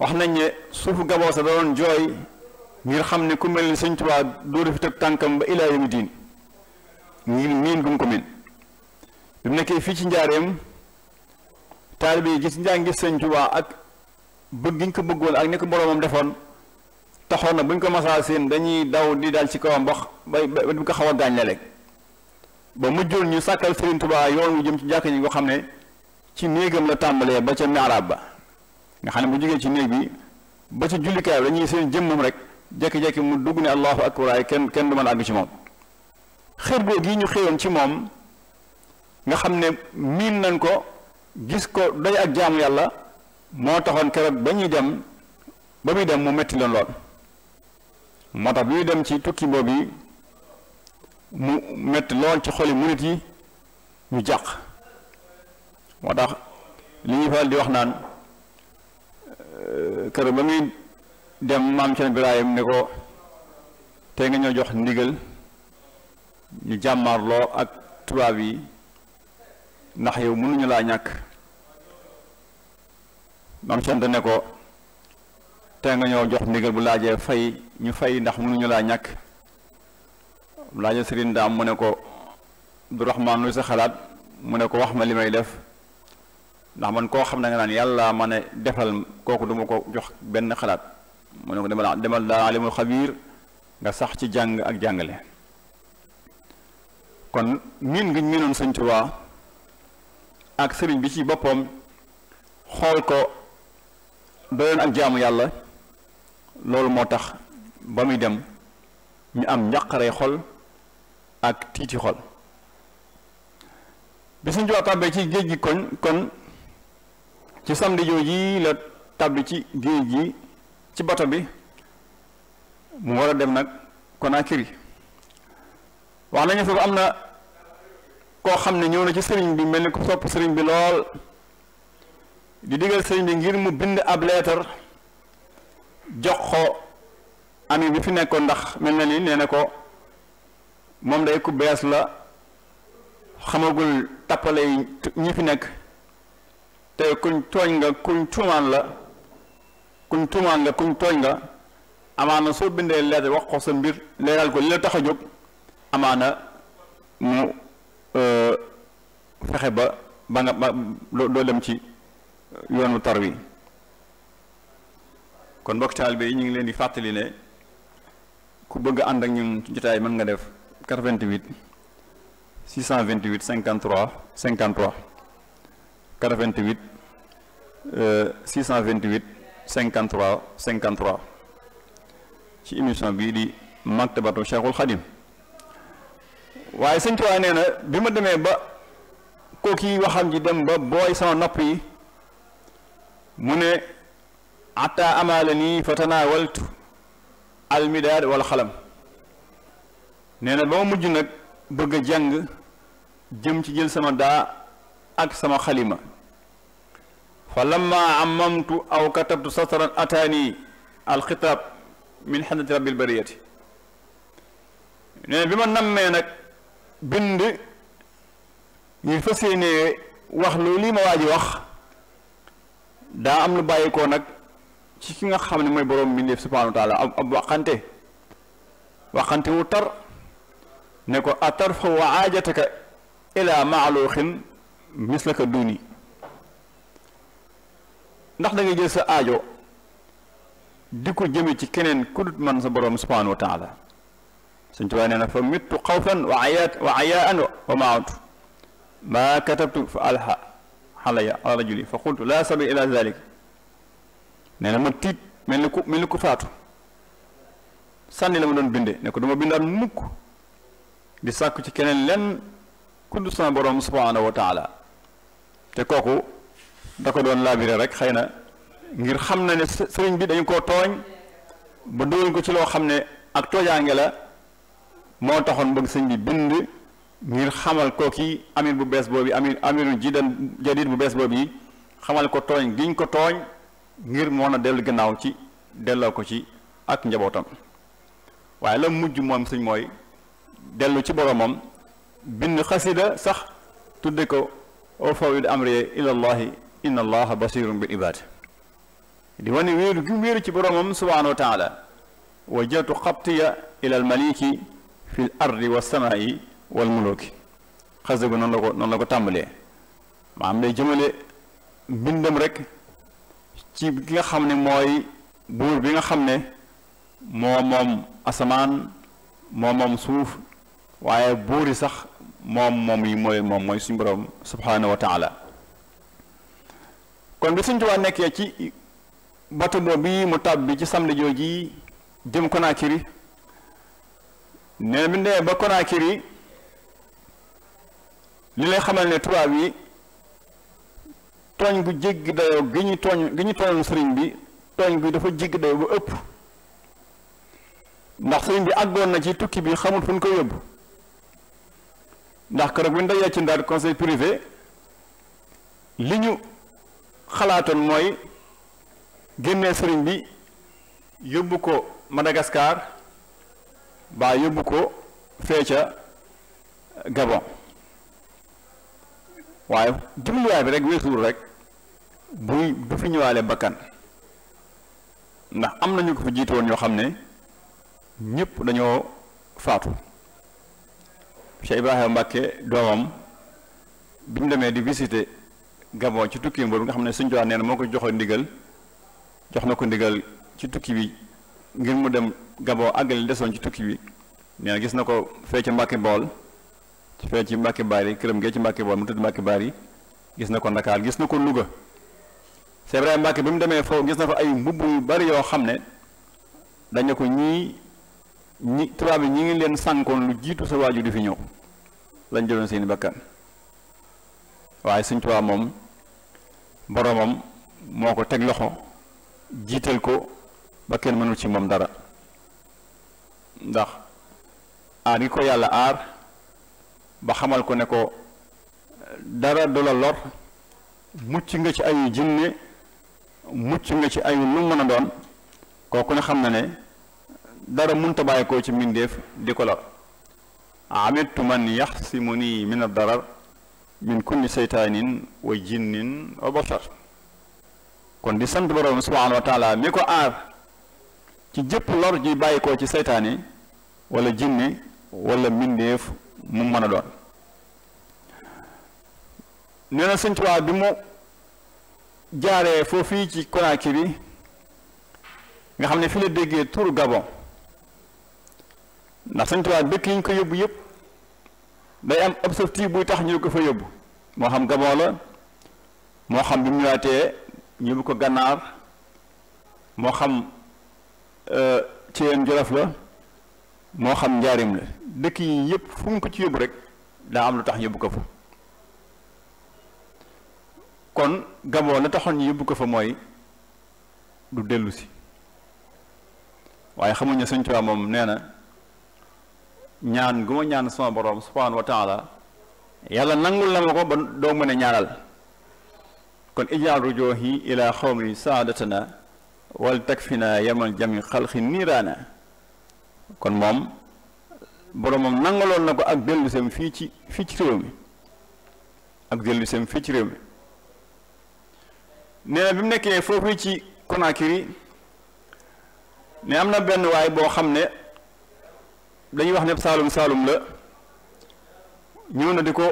wax nañ ne suufu gaboo sa da doon jooy ngir xam ne ku mel ni sëñ Tuubaa dootu fi tànkam ba ilaa yawmi diin ngir miin gum ko miin bi nekkee fii ci njaareem taalibe yi gis njaa ngis sëñ Tuubaa ak bëgg gi ñu ko bëggoon ak nekk ko boroomam defoon taxoon na buñ ñu ko masaa seen dañuy daw di daal ci kawam ba ba ba ko xaw a gaañ la lekk ba mujjoon ñu sàkkal sëriñ Tuubaa yoon wu jëm ci jàkk ñi ko xam ne ci néegam la tàmbalee ba ca miiraab ba nga xam ne bu jógee ci néeg bi ba ci jullikaay bi dañuy seen jëmmam rek jékki-jékki mu dugg ne allahu ak ay kenn kenn du mën a àgg ci moom xër goo gii ñu xëyoon ci moom nga xam ne miin nañ ko gis ko doy ak jaamu yàlla moo taxoon keroog ba ñuy dem ba muy dem mu metti loon lool moo tax bi muy dem ci tukki boobu yi mu metti lool ci xoli murit yi ñu jàq moo tax li ñuy faral di wax naan keroog ba muy dem maam Cerno Birahim ne ko tey nga ñoo jox ndigal ñu jàmmarloo ak tubaab yi ndax yow mënuñu laa ñàkk maam Cerno ne ko tey nga ñoo jox ndigal bu laajee fay ñu fay ndax mënuñu laa ñàkk laajee Sëriñ Daam mu ne ko du Raxmaan luy sa xalaat mu ne ko wax ma li may def ndax man koo xam ne nga naan yàlla ma ne defal kooku duma ko jox benn xalaat mu ne ko demal demal daa alimul xabiir nga sax ci jàng ak jàngale kon miin ngiñ miinoon sëñ Tuubaa ak sëriñ bi ci boppam xool ko doyoon ak jaamu yàlla loolu moo tax ba muy dem ñu am njàqare xol ak tiiti xol bi sëñ Tuubaa ci géej gi koñ kon ci samedi jooji la tàbbi ci géej gi ci bato bi mu war a dem nag Conakry wax nañu foofu am na koo xam ne ñëw na ci sëriñ bi mel ni ku sopp sëriñ bi lool di digal sëriñ bi ngir mu bind ab leetar jox ko ami bi fi nekkoon ndax mel na ni nee na ko moom day ku bees la xamagul tappale yi ñi fi nekk te kuñ tooñ nga kuñ tuumaan la kuñ tuumaan nga kuñ tooñ nga amaana soo bindee leer wax ko sa mbir leeral ko li la tax a jóg amaana mu euh, fexe ba ba nga ba doo dem ci yoonu tar wi kon mbokk bi yi ñu ngi leen di fàttali ne ku bëgg ànd ak ñun jotaay mën nga def 88 628 53 53 88 vingt 628 53 53 ci émission bii di Maktabatu Cheikhul Khadim waaye sëñ Tuubaa nee na bi ma demee ba kooki waxam ji dem ba booy sama nopp yi mu ne atta amaale nii fa tanaawaltu almidaad wala xalam nee na ba ma mujj nag bëgg a jàng jëm ci jël sama daa ak sama xalima fa am mamtu aw katabtu satran ataani alxitaab min xanati rabbil bariyati nee bi ma nammee nag bind ñu fas yéenee wax loolu lii ma waa ji wax daa am lu bàyyikoo nag ci ki nga xam ne mooy borom mbindeef subhanahu wa taala ab waxante waxante wu tar ne ko atarfa wa aajataka ila maaluxin mislaka duni ndax da jël sa aajo di ko jëme ci keneen ku dut man sa borom subhanahu wa taala suñ tubaab nee na fa mittu xawfan wa ayaat wa ayaan wa maatu maa katabtu fa alha xalaya ala rajuli fa qultu laa sabi ila zalik nee ma tiit mel ni ku mel ni ku faatu sànni la ma doon binde ne ko du ma bind di sàkku ci keneen lenn ku dut sama borom subhanahu wa te kooku da ko doon laabire rek xëy na ngir xam na ne sëriñ bi dañu koo tooñ ba dugal ko ci loo xam ne ak toojaange la moo taxoon bëgg sëñ bi bind ngir xamal ko ki amir bu bees boobu amir amiru jidan jadid bu bees boobu yi xamal ko tooñ giñ ko tooñ ngir moon a dellu gannaaw ci delloo ko ci ak njabootam waaye la mujj moom sëñ mooy dellu ci boromam bind xasida sax tudde ko o fawid amri ilallahi inna allaha basirun bil ibad di wane wéeru gi wéeru ci boroomam subhanahu wa taala wa jatu xabtiya ila al maliki fi l ardi wa samaai wal muluki xasida gu ko noonu la ko tàmbalee maam day jëmale mbindam rek ci ki nga xam ne mooy buur bi nga xam ne moo moom asamaan moo moom suuf waaye buuri sax moom moom yi mooy moom mooy suñ borom subhanahu wa taala kon bi Sëñ Tuubaa nekkee ci bato bi mu bi ci samedi jooji jëm Konaakiri nee bi ndee ba Konaakiri li lay xamal ne tubaab yi tooñ bu jéggi dayoo gi ñu tooñ gi ñu tooñoon sëriñ bi tooñ bi dafa jéggi dayoo ba ëpp ndax sëriñ bi àggoon na ci tukki bi xamul fu ko yóbbu ndax keroog bu ñu ci ndar conseil privé li ñu xalaatoon mooy génne sëriñ bi yóbbu ko Madagascar baa yóbbu ko fee ca Gabon waaye jubluwaay bi rek weesuwul rek buy du fi ñëwaale bakkan ndax am nañu ko fi jiitu woon ñoo xam ne ñépp dañoo faatu Cheikh Ibrahima Mbàkke doomam bi ñu demee di visiter Gabon ci tukki boobu nga xam ne Sëñ Tuubaa nee na moo ko joxoon ndigal jox na ko ndigal ci tukki bi ngir mu dem Gabon àggali desoon ci tukki bi nee gis na ko fee ci Mbàkke Bool fee ci Mbàkke Baari këram gee ci Mbàkke Bool mu tudd Mbàkke Baari gis na ko Ndakaar gis na ko Louga c'est vrai Mbàkke bi mu demee foofu gis na ko ay mbubb yu bari yoo xam ne dañu ko ñii ñi tubaab yi ñi ngi leen sànkoon lu jiitu sa waaju di fi ñëw lañ jëloon seeni bakkan waaye Sëñ moom boroomam moo ko teg loxo jiital ko ba kenn mënul ci moom dara ndax aar gi ko yàlla aar ba xamal ko ne ko dara du la lor mucc nga ci ayu jinne mucc nga ci ayu lu mën a doon kooku ne xam na ne dara munta bàyyi koo ci mbindeef di ko lor amitu man yaxsimu nii min dara min kulli seytaanin wa jinnin wa kon di sant borom subhaanahu mi ko aar ci jëpp lor ji bàyyi ko ci seytaani walla jinni wala mbindeef mu mën a doon nee na bi mu jaaree foofii ci Conakry nga xam ne fi la déggee turu Gabon ndax Sëñ Tuubaa dëkk yi ñu ko yóbbu yëpp day am objectif buy tax ñu ko fa yóbbu moo xam Gabon la moo xam bi mu ñëwaatee yóbbu ko Gànnaar moo xam Thièyeen euh, Jolof la moo xam njaarim la dëkk yi yëpp fu mu ko ci yóbbu rek daa am lu tax yóbbu ko fa kon Gabon la taxoon ñu yóbbu ko fa mooy du dellu si waaye xamuñ ne Sëñ moom nee na ñaan gu ma ñaan sama borom subhanahu wa yàlla nangul na ma ko ba doo mën a ñaanal kon ijaal rujoohi ila xawmi saadatana wal takfina yamal jami xalxi niiraana kon moom boromam nangaloon na ko ak dellu fii ci fii ci réew mi ak dellu fii ci réew mi nee na bi mu nekkee foofu ci Conakry ne am na benn waay boo xam ne dañuy wax ne saalum saalum la ñëw na di ko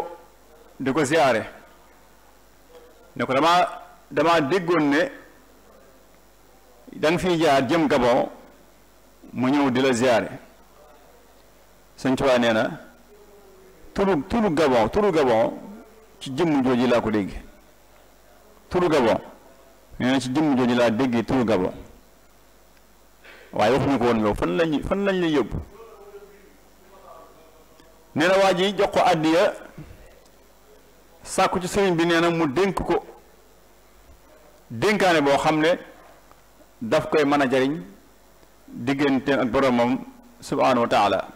di ko ziyaare ne ko damaa damaa déggoon ne danga fiy jaar jëm Gabon mu ñëw di la ziyaare Sëñ Tuubaa nee na turu turu Gabon turu Gabon ci jëmm jooju laa ko dégg turu Gabon nee na ci jëmm jooju laa dégg turu Gabon waaye waxuñu ko woon yow fan lañ fan lañ lay yóbbu nee waa ji jox ko àddiya sàkku ci sëriñ bi nee na mu dénk ko dénkaane boo xam ne daf koy mën a jariñ digganteem ak boromam subhaanahu wa taala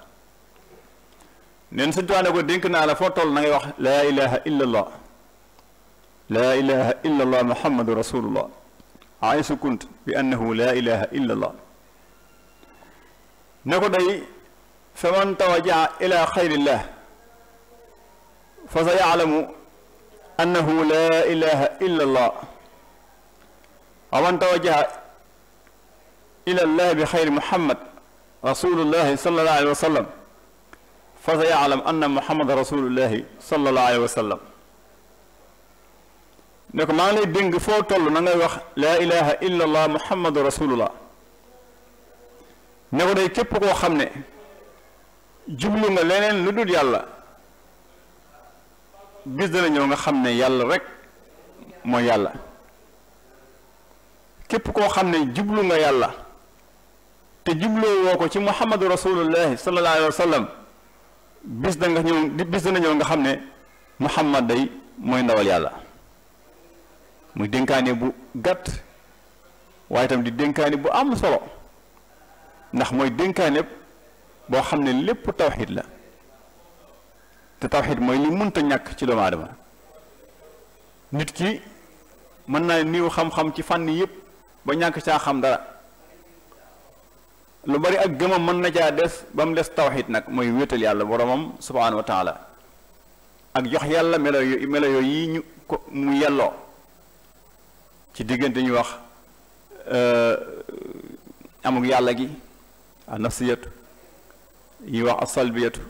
neen suñ tuwaa ko dénk naa la foo toll na ngay wax laa ilaha illa allah laa ilaha illa allah muhammadu rasulullah aysu kunt bi annahu laa ilaha illa allah ne ko day fa man tawajaa ila xayrillah fa sa yaalamu annahu la ilaha illa allah wa man tawajjaha ila allah bi xayri muhammad rasulullahi sallallahu alayhi an sallam fa sa yaalam anna muhammadan rasulullahi sallallahu alayhi wa sallam na ngay wax laa ilaha illa allah rasulullah ne ko day képp koo xam ne jublu nga leneen lu dul yàlla bis dana ñëw nga xam ne yàlla rek mooy yàlla képp koo xam ne jublu nga yàlla te jubloo woo ko ci muhammadu rasulullahi sallallahu alayhi wa bis da nga ñëw bis dana ñëw nga xam ne muhammad day mooy ndawal yàlla muy dénkaane bu gàtt waaye itam di dénkaane bu am solo ndax mooy dénkaane boo xam ne lépp tawxiit la te tawxid mooy li munta ñàkk ci doomu aadama nit ki mën naa niiw xam-xam ci fànn yëpp ba ñàkk caa xam dara lu bari ak gëmam mën na caa des ba mu des tawxid nag mooy wéetal yàlla boromam subhaanahu wa ak jox yàlla melo yo melo yooyu ñu ko mu yelloo ci diggante ñu wax euh, amuk yàlla gi a nafsiyatu yi wax asalbiyatu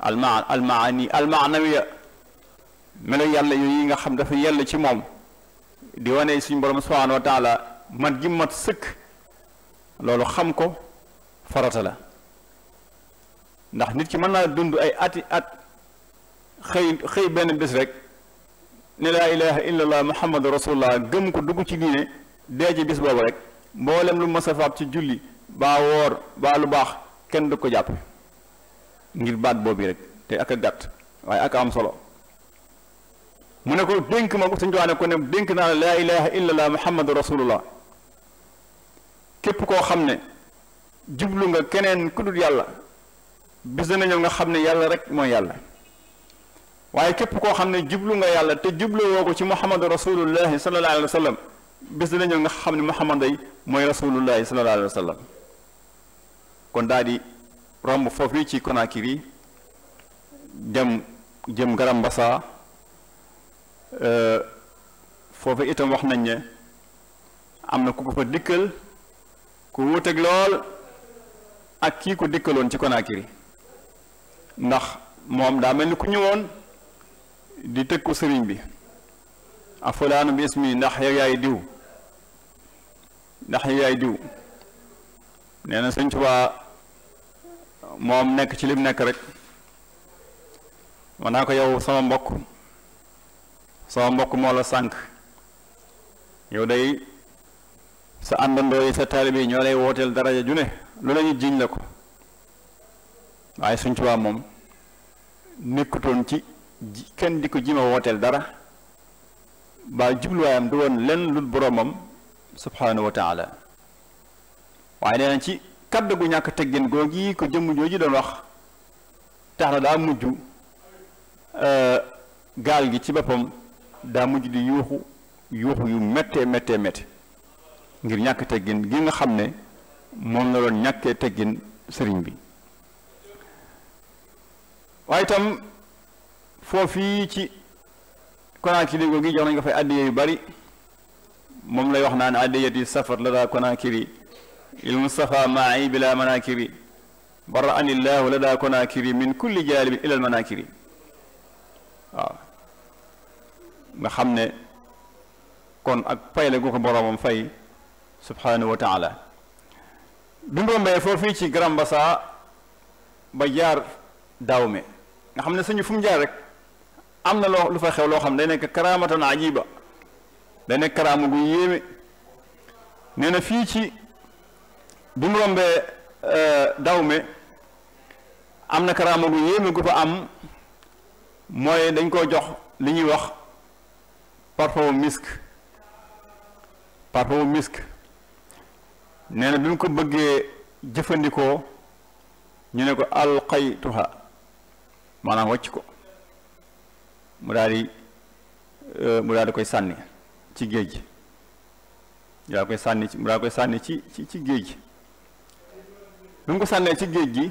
alma almaani almaanawiya melo yàlla yooyu nga xam dafa yell ci moom di wane suñu borom subhaanahu wa taala mat gi mat sëkk loolu xam ko farata la ndax nit ki mën naa dund ay ati at xëy xëy benn bés rek ne laa ilaha illallah muhammadu rasulullah gëm ko dugg ci diine dee ci bis boobu rek mboolem lu mas a faab ci julli baa woor baa lu baax kenn du ko jàpp ngir baat boobu rek te ak a gàtt waaye ak a am solo mu ne ko dénk ma ko suñu doon ko ne dénk naa la laa ilaha illallah muhammadu rasulullah képp koo xam ne jublu nga keneen ku yàlla bis dana ñëw nga xam ne yàlla rek mooy yàlla waaye képp koo xam ne jublu nga yàlla te woo ko ci muhammadu rasulullahi sallallahu alayhi wa sallam bis dana ñëw nga xam ne muhammad ay mooy rasulullahi sallallahu alayhi wa sallam kon daal di romb foofu yi ci Conakry dem jëm Garambassa euh, foofu itam wax nañ ne am na ku ko fa dikkal ku wuuteeg lool ak kii ko dikkaloon ci Conakry ndax moom daa mel ni ku ñëwoon di ko sëriñ bi afulaanu bi ismi ndax yow yaay diw ndax yow yaay diw nee na sëñ moom nekk ci lim nekk rek man naa ko yow sama mbokk sama mbokk moo la sànq yow day sa àndandoo sa taalibe yi ñoo lay wooteel daraja ju ne lu la ñu la ko waaye suñ tubaa moom nekkutoon ci kenn di ko jima wooteel dara baa jubluwaayam du woon lenn lu boromam subhaanahu wa waaye nee na ci kàdd gu ñàkk teggin googi ko jëmm jooju doon wax tax na daa mujj euh, gaal gi ci boppam daa mujj di yuuxu yuuxu yu méttee méttee méttee ngir ñàkk teggin gi nga xam ne moom la doon ñàkkee teggin sëriñ bi waaye tam foofii ci Konaakiri googi jox nañ nga fay addiya yu bari moom lay wax naan addiyati safar la daa Konaakiri للمصطفى معي بلا مناكر برأني الله لدى كناكر من كل جالب إلى المناكر waaw nga xam ne kon ak fay la gu ko boroomam fay subhanahu wa taala dundombee foofii ci Grand Bassam ba jaar Daawme nga xam ne suñu fu mu jaar rek am na loo lu fa xew loo xam day nekk karaamatan ajiba day nekk karaama gu yéeme nee na fii ci bi mu rombee euh, dawme am na karaama gu yéeme ku fa am mooy dañ koo jox li ñuy wax parfum misk parfum misk nee na bi mu ko bëggee jëfandikoo ñu ne ko alqaytuha maanaam wàcc ko mu daal di euh, mu daal di koy sànni ci géej gi mu daal koy sànni ci mu daal koy sànni ci ci ci géej gi bi mu ko sànnee ci géej gi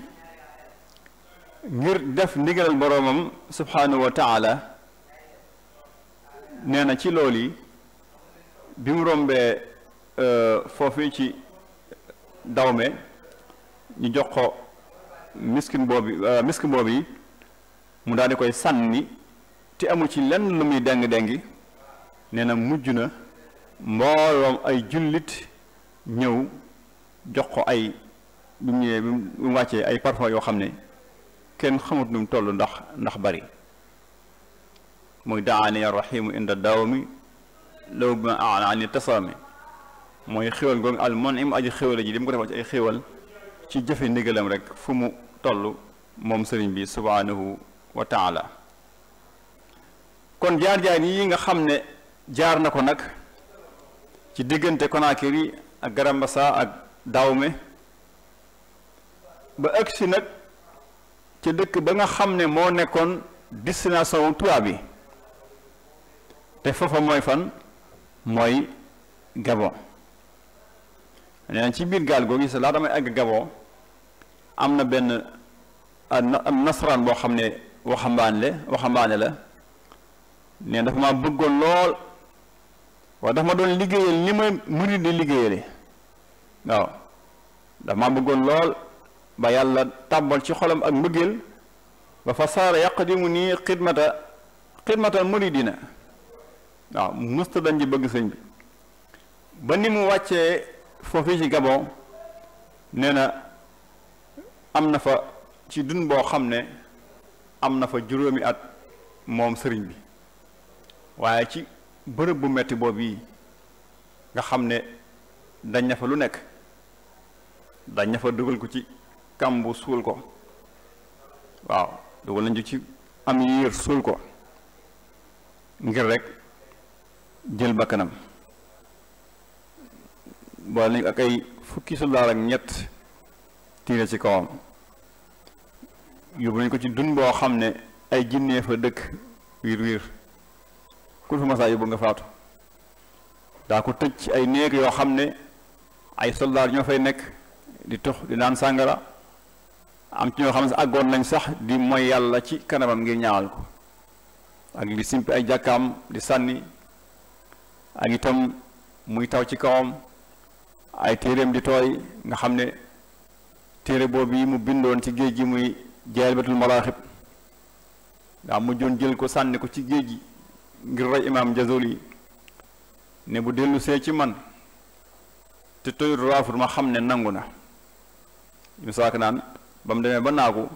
ngir def ndigalal boroomam subhanahu wa taala nee na ci lool yi bi mu rombee euh, foofu ci dawme ñu jox ko euh, miskin boobu yi mu daal di koy sànni te amul ci lenn lu muy déng-déngi nee na mujj na mbooloom ay jullit ñëw jox ko ay bi mu ñëwee wàccee ay parfum yoo xam ne kenn xamut nu mu toll ndax ndax bari muy daani rahimu inda dawmi law bi ma aani tasaami mooy xéwal googu al mon im aji xéwala ji li mu ko defal ci ay xéwal ci jëfe ndigalam rek fu mu toll moom sëriñ bi subhanahu wa taala kon jaar-jaar yi nga xam ne jaar na ko nag ci diggante Conakry ak Garambassa ak Dahomey ba agsi nag ca dëkk ba nga xam ne moo nekkoon destination wu bi te foofa mooy fan mooy Gabon neen ci biir gaal googu sa laa damay àgg Gabon am na benn am nasaraan boo xam ne waxambaane la waxambaane la neen dafa ma bëggoon lool waaye dafa ma doon liggéeyal ni ma murid di liggéeyale waaw dafa ma bëggoon lool ba yàlla tàmbal ci xolam ak mbëggeel ba fa saara yaqdimu nii xidmata xidmatal muridina waaw musta dañ ji bëgg sëñ bi ba ni mu wàccee foofii ci Gabon nee na am na fa ci dun boo xam ne am na fa juróomi at moom sëriñ bi waaye ci bërëb bu metti boobu yi nga xam ne dañ na fa lu nekk dañ na fa dugal ko ci kàmbu suul ko waaw dugal nañ ci am yiir suul ko ngir rek jël bakkanam boole nañ ak ay fukki soldaar ak ñett tiire ci kawam yóbbu nañ ko ci dun boo xam ne ay jinnee fa dëkk wiir wiir kul fa masaa yóbbu nga faatu daa ko tëj ci ay néeg yoo xam ne ay soldaar ñoo fay nekk di tox di naan sàngara am ci ñoo xam ne àggoon nañ sax di mooy yàlla ci kanamam ngir ñaawal ko ak di simpi ay jàkkaam di sànni ak itam muy taw ci kawam ay téeréem di tooy nga xam ne téere boobu yi mu bindoon ci géej gi muy Jaalbatul Maraaxib daa mujjoon jël ko sànni ko ci géej gi ngir rey imaam Jazuli ne bu dellusee ci man te toyut raafur ma xam ne nangu na ñu saak naan ba mu demee ba naagu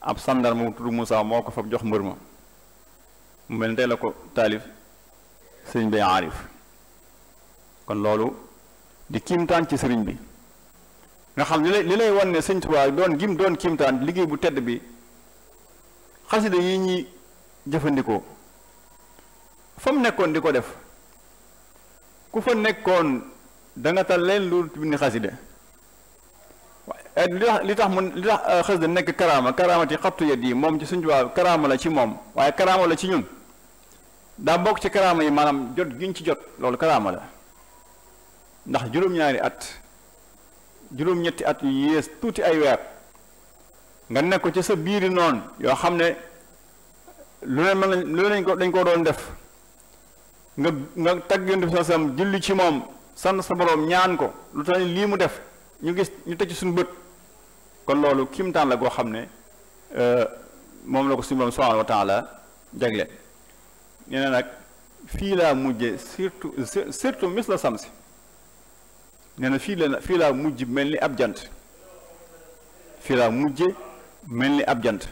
ab sàndar mu tudd Moussa moo ko fa jox mbër ma mu mel tey la ko taalif sëriñ bi aarif kon loolu di kiimtaan ci sëriñ bi nga xam li lay li lay wan ne sëñ Tuubaa doon gim doon kiimtaan liggéey bu tedd bi xasida yi ñuy jëfandikoo fa mu nekkoon di ko def ku fa nekkoon da tal leen lu bind xasida Eh, li tax li tax mun li tax eh, xasida nekk karaama karaamati xabtu yet yi moom ci suñ tubaab karaama la ci moom waaye karaama la ci ñun daa bokk ci karaama yi maanaam jot giñ ci jot loolu karaama la ndax juróom at juróom-ñetti at yu yées tuuti ay weer nga nekk ci sa biir yi noon yoo xam ne lu ne mën lu ne ko dañ koo doon def nga nga tagg yonent bi sa sam julli ci moom sant sa borom ñaan ko lu tax lii mu def ñu gis ñu teg ci suñu bët kon loolu kiimtaan la goo xam ne euh, moom la ko suñu borom subhanahu wa taala jagle nag fii laa mujje surtout surtout mis la samsi nee na fii la fii laa mujj mel ni ab jant fii laa mujje mel ni ab jant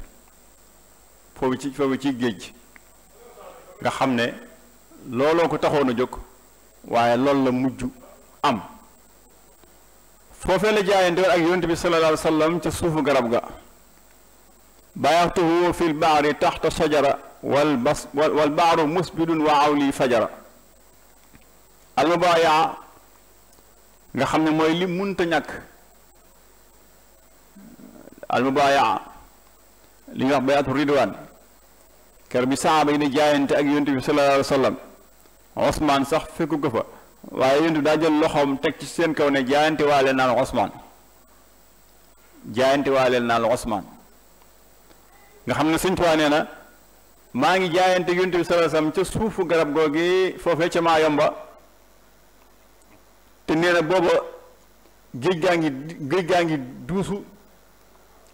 foofu ci foofu ci géej nga xam ne looloo ko taxoon a jóg waaye loolu la mujj am foofee la jaayantewoon ak yont bi sallallahu alayhi ca suufu garab ga baayaxtuhu fil baari taxta sajara wal bas wal baaru musbidun wa awli fajara almubaaya nga xam ne mooy li munta ñàkk almubaaya li nga wax bayaatu ridwaan kër bi saaba yi ne jaayante ak yonent bi sallallahu alayhi wa sallam Ousmane sax fekku ko fa waaye yonent bi daa jël loxoom teg ci seen kaw ne jaayante waale naa la Usmaan nga xam ne Sëñ Tuubaa na maa ngi jaayante yonent bi sallallahu alayhi ca suufu garab googi foofee ca maa yomba te nee na booba géej gaa ngi géej gaa ngi duusu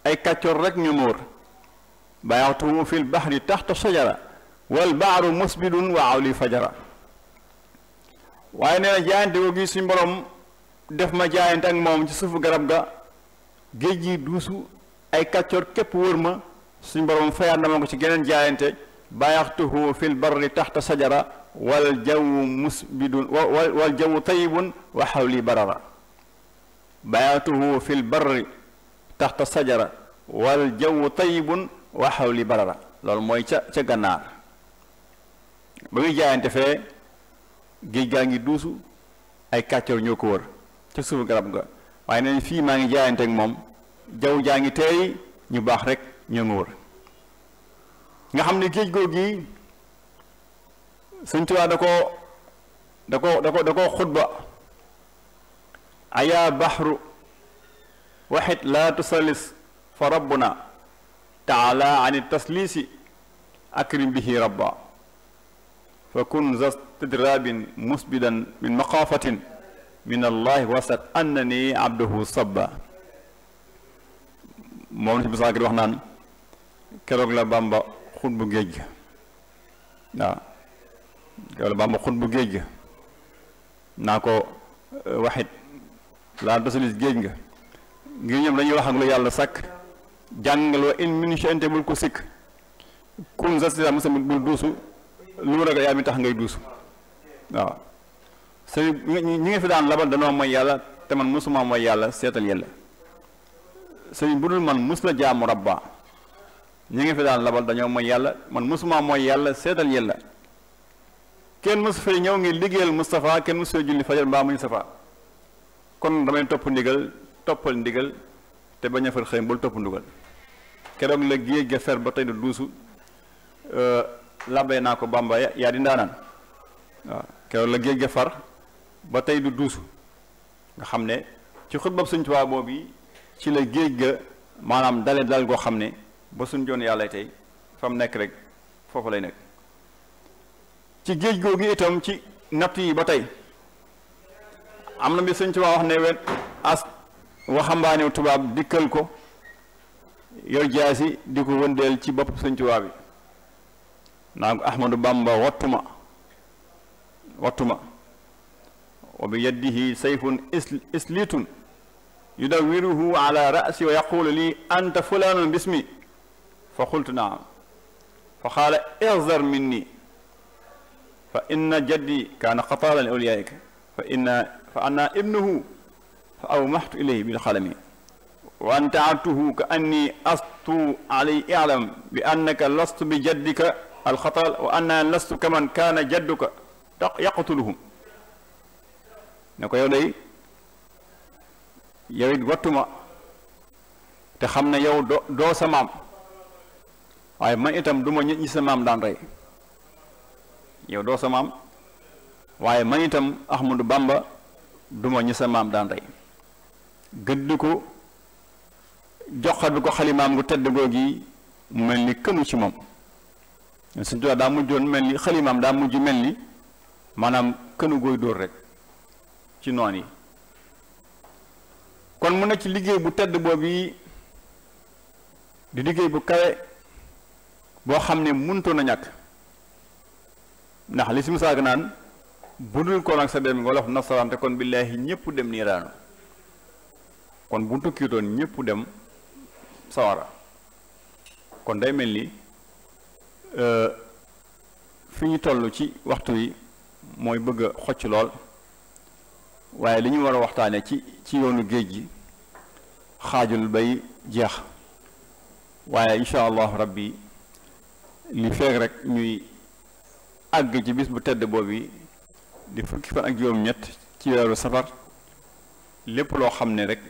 ay kàccoor rek ñu móor bayaxtumu yi tax taxta sajara wal baaru musbidun wa awli fajara waaye nee na jaayante ko gi suñ borom def ma jaayante ak moom ci suufu garab ga géej gi duusu ay kàccoor képp wër ma suñ borom fayaat na ma ko ci geneen jaayante bayaxtuhu fil barri sajara wal jawwu musbidun wal jawwu tayibun wa xawli barara bayaxtuhu fil barri taxta sajara wal jawwu tayibun wa xawli barara loolu mooy ca ca gannaar ba muy jaayante fee géej gaa ngi duusu ay kàccoor ñoo ko wër ca suufu garab ga waaye nee fii maa ngi jaayante moom jaww jaa ngi teey ñu baax rek ñoo nga wër nga xam ne géej googu gi Sëñ Tuubaa da ko da ko da ko da ko xutba ayaa baxru waxit laa tusalis fa rabbuna taala an tasliisi akrim bihi rabba fa kun za stidrabin musbidan min maqafatin min allahi wasat annani abduhu sabba moom na si musaakir wax naan keroog la bàmba xut géej ga keroog la bàmba xut bu géej ga naa ko eh, waxit laa dosalis géej nga ngir ñoom dañuy wax yàlla sàkk jàngal wa in min shay'in bul ko sikk kun za stidrabin musbidan bul duusu lu mu ragal yaa mi tax ngay duus waaw sëñ ñi fi daan labal danoo mooy yàlla man mosuma mooy yàlla seetal bu dul man mos la jaamu rabba ñi nga fi daan labal dañoo mooy yàlla man mosuma mooy yàlla seetal yàlla kenn mosu fee ñëw ngi liggéeyal Moustapha kenn mosu fee julli fajar mbaa muy safa kon damay topp ndigal toppal ndigal te bañ a far xëy bul topp ndigal keroog la géej ga fer ba tey du duusu euh, labay naa ko bàmba yaa di ndaanaan waaw keroog la géej ga far ba tey du duusu nga xam ne ci xutbab suñ Tuubaa boobu ci la géej ga maanaam dale dal goo xam ne ba suñ joon yàlla tey fa mu nekk rek foofu lay nekk ci géej googu itam ci natt yi ba tey am na bi suñ Tuubaa wax ne wet as waxambaane tubaab dikkal ko yor jaasi di ko wëndeel ci bopp suñ Tuubaa bi naa ko ahmadu bamba wattuma wattuma wa bi yadihi sayfun islitun yudawiruhu ala rasi wa yaqulu li anta fulanun bismi fa qultu naam fa qaala ihzar minni fa inna jaddi kaana qataala li awliyaika fa inna fa anna ibnuhu fa awmahtu ilayhi bil qalami wa antaatuhu ka anni astu alay ilam bi annaka lastu bi jaddika alxatal wa anna lastu kaman kaana jadduka yaqtuluhum ne ko yow day yow wattuma te xam na yow do doo sa maam waaye man itam du ma ñi sa maam daan rey yow doo waaye man itam Ahmadu Bamba du ma ñi ko joxat bi ko xalimaam gu tedd googi mu mel ni kënu ci moom Sëñ Tuubaa daa mujjoon mel ni xalimaam daa mujj mel ni maanaam kënu gooy dóor rek ci noon yi kon mën na ci liggéey bu tedd boobu yi di liggéey bu kawe boo xam ne mënutoon a ñàkk ndax li si mu naan budul ko nag sa dem wolof nasaraan te kon billaahi ñëpp dem nii kon bu tukkiitoon ñëpp dem sawara kon day mel ni Euh, fi ñu toll ci waxtu yi mooy bëgg a xocc lool waaye li ñu war a waxtaane ci ci yoonu géej gi xaajul bay jeex waaye incha allahu rabbi li feeg rek ñuy àgg ci bis bu tedd boobu di fukki fan ak juróom-ñett ci weeru safar lépp loo xam ne rek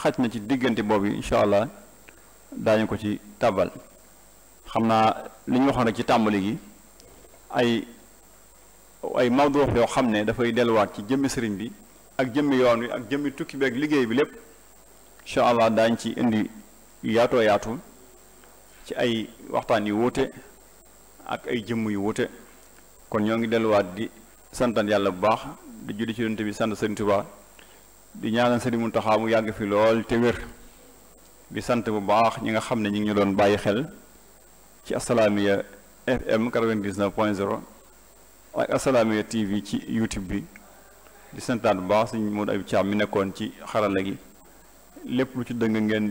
xaj na ci diggante boobu incha allah daañu ko ci tabal xam naa li ñu waxoon rek ci tàmbali gi ay ay mawdu yoo xam ne dafay delluwaat ci jëmm sëriñ bi ak jëmmi yoon wi ak jëmmi tukki bi liggéey bi lépp incha allah daañ ci indi yaatoo ci ay waxtaan yu wuute ak ay jëmm yu wuute kon ñoo ngi delluwaat di santan yàlla bu baax di julli ci yonent bi sant sëriñ Tuubaa di ñaanal sëriñ Muntaxaa mu yàgg fi lool te wér di sant bu baax ñi nga xam ne ñi ngi ñu doon bàyyi xel ci Assalaamy FM 99 point 0 ak Assalaamy TV ci YouTube bi di santaat bu baax suñ Modou Abib Thiam mi nekkoon ci xarala gi lépp lu ci dëng ngeen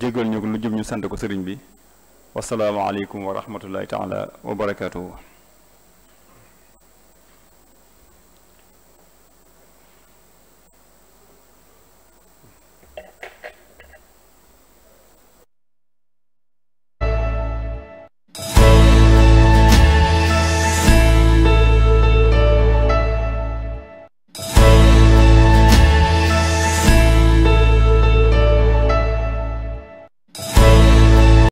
jégal ñu ko lu jëm ñu sant ko sëriñ bi wasalaamaaleykum wa rahmatullahi taala wa barakaatuhu